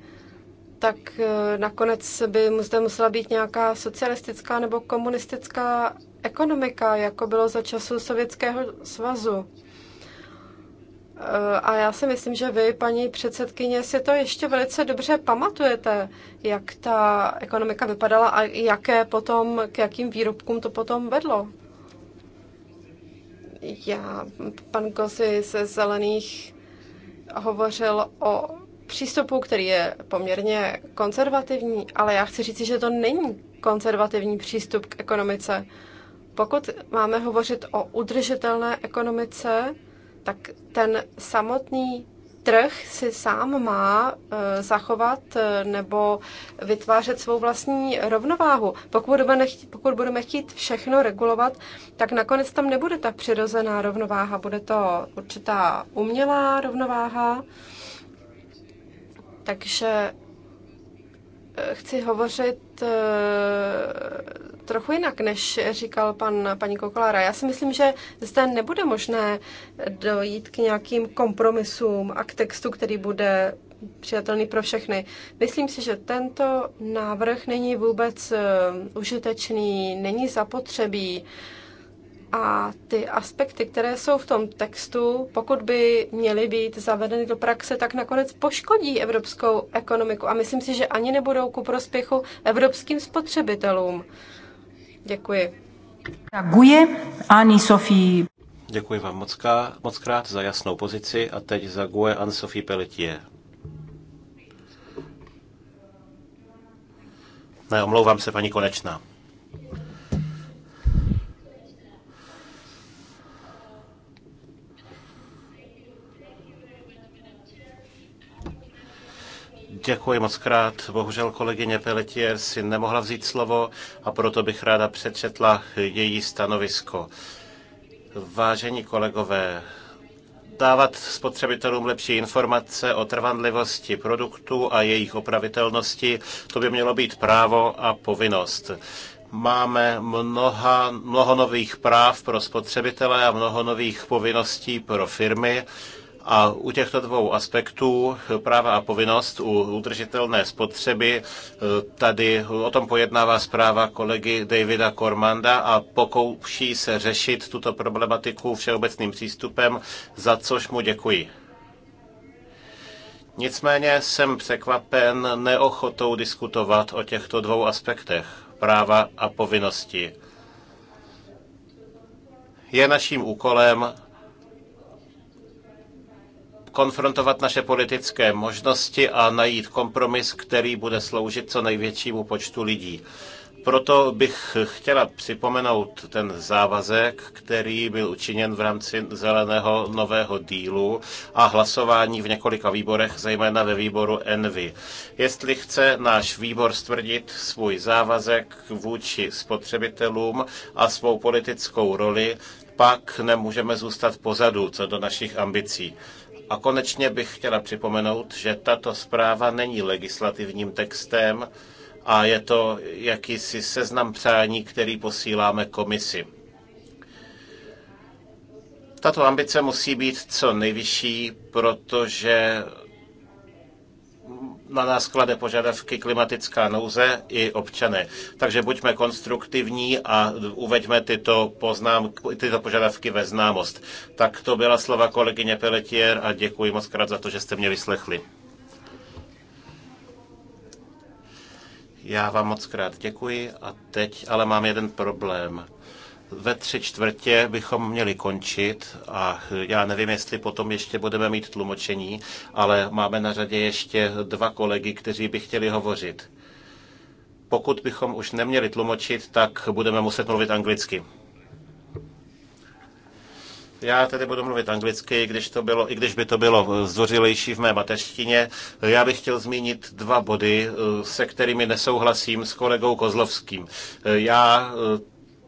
S3: tak eh, nakonec by zde musela být nějaká socialistická nebo komunistická ekonomika, jako bylo za času Sovětského svazu. Eh, a já si myslím, že vy, paní předsedkyně, si to ještě velice dobře pamatujete, jak ta ekonomika vypadala a jaké potom, k jakým výrobkům to potom vedlo. Já, pan Gosi ze Zelených hovořil o přístupu, který je poměrně konzervativní, ale já chci říct, že to není konzervativní přístup k ekonomice. Pokud máme hovořit o udržitelné ekonomice, tak ten samotný trh si sám má eh, zachovat eh, nebo vytvářet svou vlastní rovnováhu. Pokud budeme, chtít, pokud budeme chtít všechno regulovat, tak nakonec tam nebude ta přirozená rovnováha, bude to určitá umělá rovnováha. Takže eh, chci hovořit trochu jinak, než říkal pan, paní Kokolára. Já si myslím, že zde nebude možné dojít k nějakým kompromisům a k textu, který bude přijatelný pro všechny. Myslím si, že tento návrh není vůbec eh, užitečný, není zapotřebí a ty aspekty, které jsou v tom textu, pokud by měly být zavedeny do praxe, tak nakonec poškodí evropskou ekonomiku a myslím si, že ani nebudou ku prospěchu evropským spotřebitelům. Děkuji.
S1: Děkuji, Ani Sofie.
S4: Děkuji vám moc, moc krát za jasnou pozici a teď za Gue Ani sophie Pelletier. Ne, omlouvám se, paní Konečná. Děkuji moc krát. Bohužel kolegyně Pelletier si nemohla vzít slovo a proto bych ráda přečetla její stanovisko. Vážení kolegové, dávat spotřebitelům lepší informace o trvanlivosti produktů a jejich opravitelnosti, to by mělo být právo a povinnost máme mnoha, mnoho nových práv pro spotřebitele a mnoho nových povinností pro firmy a u těchto dvou aspektů, eh, práva a povinnost u udržitelné spotřeby, eh, tady o tom pojednává zpráva kolegy Davida Kormanda a pokouší se řešit tuto problematiku všeobecným přístupem, za což mu děkuji. Nicméně jsem překvapen neochotou diskutovat o těchto dvou aspektech práva a povinnosti. Je naším úkolem konfrontovat naše politické možnosti a najít kompromis, který bude sloužit co největšímu počtu lidí. Proto bych chtěla připomenout ten závazek, který byl učiněn v rámci zeleného nového dílu a hlasování v několika výborech, zejména ve výboru Envy. Jestli chce náš výbor stvrdit svůj závazek vůči spotřebitelům a svou politickou roli, pak nemůžeme zůstat pozadu co do našich ambicí. A konečně bych chtěla připomenout, že tato zpráva není legislativním textem a je to jakýsi seznam přání, který posíláme komisi. Tato ambice musí být co nejvyšší, protože na nás klade požadavky klimatická nouze i občané. Takže buďme konstruktivní a uveďme tyto, poznám, tyto požadavky ve známost. Tak to byla slova kolegyně Pelletier a děkuji moc krát za to, že jste mě vyslechli. Já vám moc krát děkuji a teď ale mám jeden problém ve tři čtvrtě bychom měli končit a já nevím, jestli potom ještě budeme mít tlumočení, ale máme na řadě ještě dva kolegy, kteří by chtěli hovořit. Pokud bychom už neměli tlumočit, tak budeme muset mluvit anglicky. Já tedy budu mluvit anglicky, když to bylo, i když by to bylo zdvořilejší v mé mateřštině. Já bych chtěl zmínit dva body, se kterými nesouhlasím s kolegou Kozlovským. Já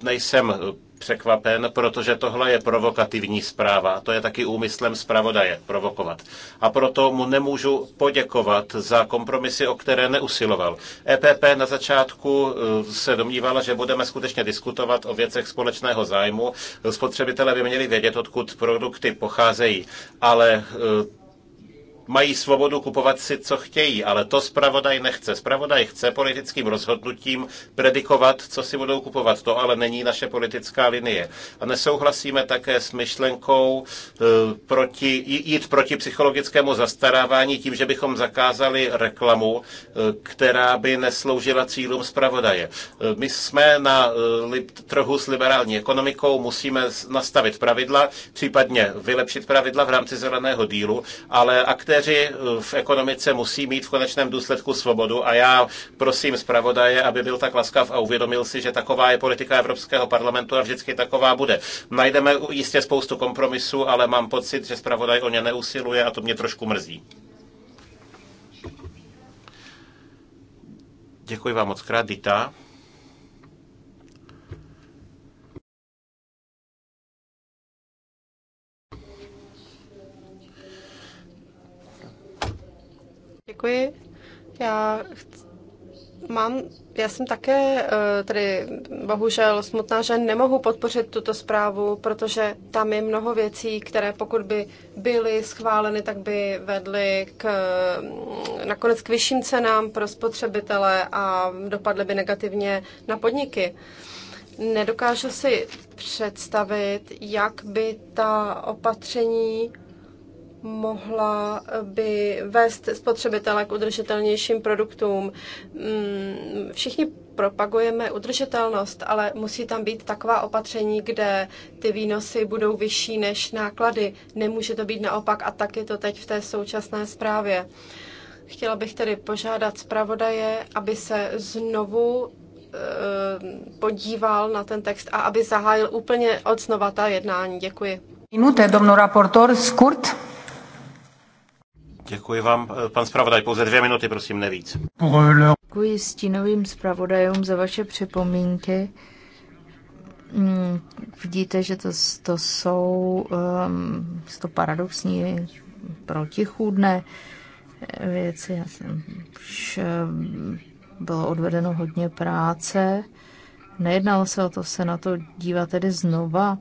S4: nejsem eh, překvapen, protože tohle je provokativní zpráva. A to je taky úmyslem zpravodaje provokovat. A proto mu nemůžu poděkovat za kompromisy, o které neusiloval. EPP na začátku eh, se domnívala, že budeme skutečně diskutovat o věcech společného zájmu. Spotřebitelé by měli vědět, odkud produkty pocházejí. Ale eh, mají svobodu kupovat si, co chtějí, ale to zpravodaj nechce. Zpravodaj chce politickým rozhodnutím predikovat, co si budou kupovat. To ale není naše politická linie. A nesouhlasíme také s myšlenkou eh, proti, jít proti psychologickému zastarávání tím, že bychom zakázali reklamu, eh, která by nesloužila cílům zpravodaje. Eh, my jsme na trhu s liberální ekonomikou, musíme nastavit pravidla, případně vylepšit pravidla v rámci zeleného dílu, ale aktivně aktéři eh, v ekonomice musí mít v konečném důsledku svobodu a já prosím zpravodaje, aby byl tak laskav a uvědomil si, že taková je politika Evropského parlamentu a vždycky taková bude. Najdeme jistě spoustu kompromisů, ale mám pocit, že zpravodaj o ně neusiluje a to mě trošku mrzí. Děkuji vám moc krát, Dita.
S3: děkuji. Já mám, já jsem také eh, tady bohužel smutná, že nemohu podpořit tuto zprávu, protože tam je mnoho věcí, které pokud by byly schváleny, tak by vedly k, mm, nakonec k vyšším cenám pro spotřebitele a dopadly by negativně na podniky. Nedokážu si představit, jak by ta opatření mohla by vést spotřebitele k udržitelnějším produktům. Mm, všichni propagujeme udržitelnost, ale musí tam být taková opatření, kde ty výnosy budou vyšší než náklady. Nemůže to být naopak a tak je to teď v té současné zprávě. Chtěla bych tedy požádat zpravodaje, aby se znovu eh, podíval na ten text a aby zahájil úplně od znova ta jednání. Děkuji.
S1: Minute, domnul raportor,
S5: skurt.
S4: Děkuji vám. Pan zpravodaj, pouze dvě minuty, prosím, nevíc.
S5: Děkuji stínovým zpravodajům za vaše připomínky. Hmm, vidíte, že to, to jsou um, to paradoxní, protichůdné věci. Já jsem, už um, bylo odvedeno hodně práce. Nejednalo se o to se na to dívat tedy znova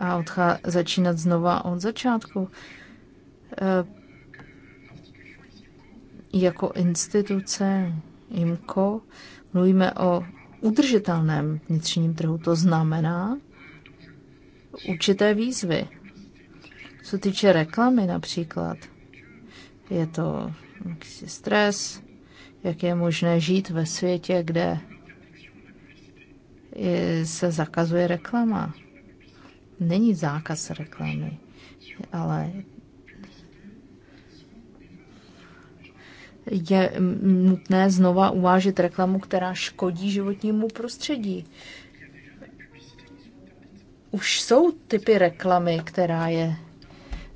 S5: a odchá- začínat znova od začátku. E, jako instituce IMCO mluvíme o udržitelném vnitřním trhu. To znamená určité výzvy. Co týče reklamy například, je to stres, jak je možné žít ve světě, kde se zakazuje reklama. Není zákaz reklamy, ale je nutné znova uvážit reklamu, která škodí životnímu prostředí. Už jsou typy reklamy, která je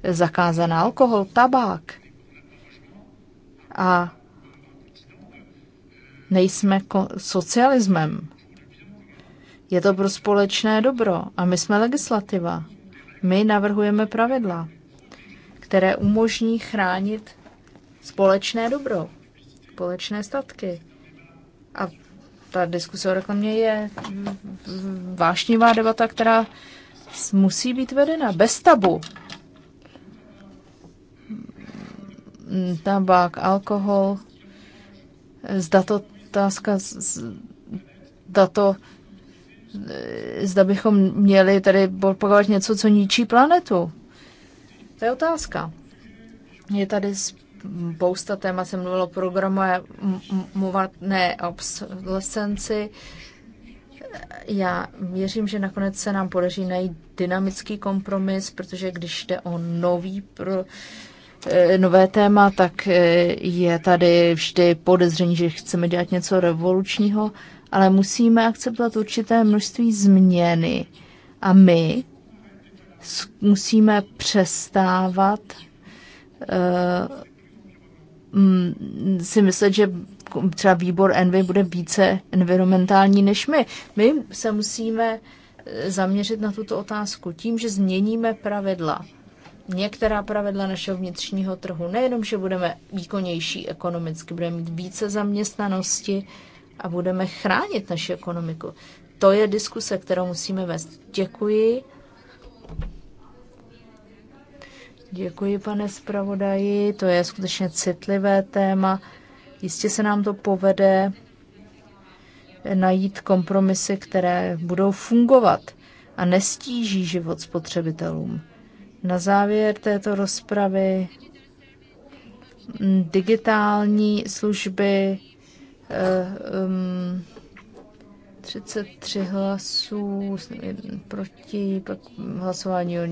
S5: zakázaná. Alkohol, tabák. A nejsme socialismem. Je to pro společné dobro a my jsme legislativa. My navrhujeme pravidla, které umožní chránit společné dobro, společné statky. A ta diskuse o reklamě je vášnivá debata, která musí být vedena bez tabu. Tabák, alkohol, zda to otázka, zda to e, zda bychom měli tady propagovat něco, co ničí planetu. To je otázka. Je tady spousta téma se mluvilo o programované obsolescenci. Já věřím, že nakonec se nám podaří najít dynamický kompromis, protože když jde o nový pro, e, nové téma, tak e, je tady vždy podezření, že chceme dělat něco revolučního, ale musíme akceptovat určité množství změny a my musíme přestávat uh, Mm, si myslet, že třeba výbor Envy bude více environmentální než my. My se musíme eh, zaměřit na tuto otázku tím, že změníme pravidla. Některá pravidla našeho vnitřního trhu. Nejenom, že budeme výkonnější ekonomicky, budeme mít více zaměstnanosti a budeme chránit naši ekonomiku. To je diskuse, kterou musíme vést. Děkuji Děkuji, pane zpravodaji. To je skutečně citlivé téma. Jistě se nám to povede najít kompromisy, které budou fungovat a nestíží život spotřebitelům. Na závěr této rozpravy digitální služby, eh, 33 hlasů proti, pak hlasování o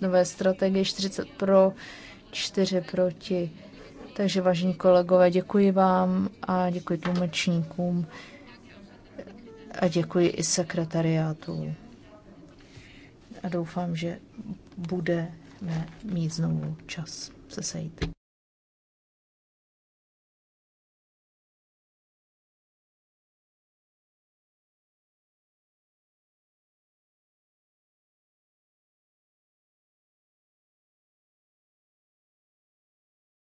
S5: nové strategii, 40 pro, 4 proti. Takže vážení kolegové, děkuji vám a děkuji tlumočníkům a děkuji i sekretariátu. A doufám, že budeme mít znovu čas se sejít.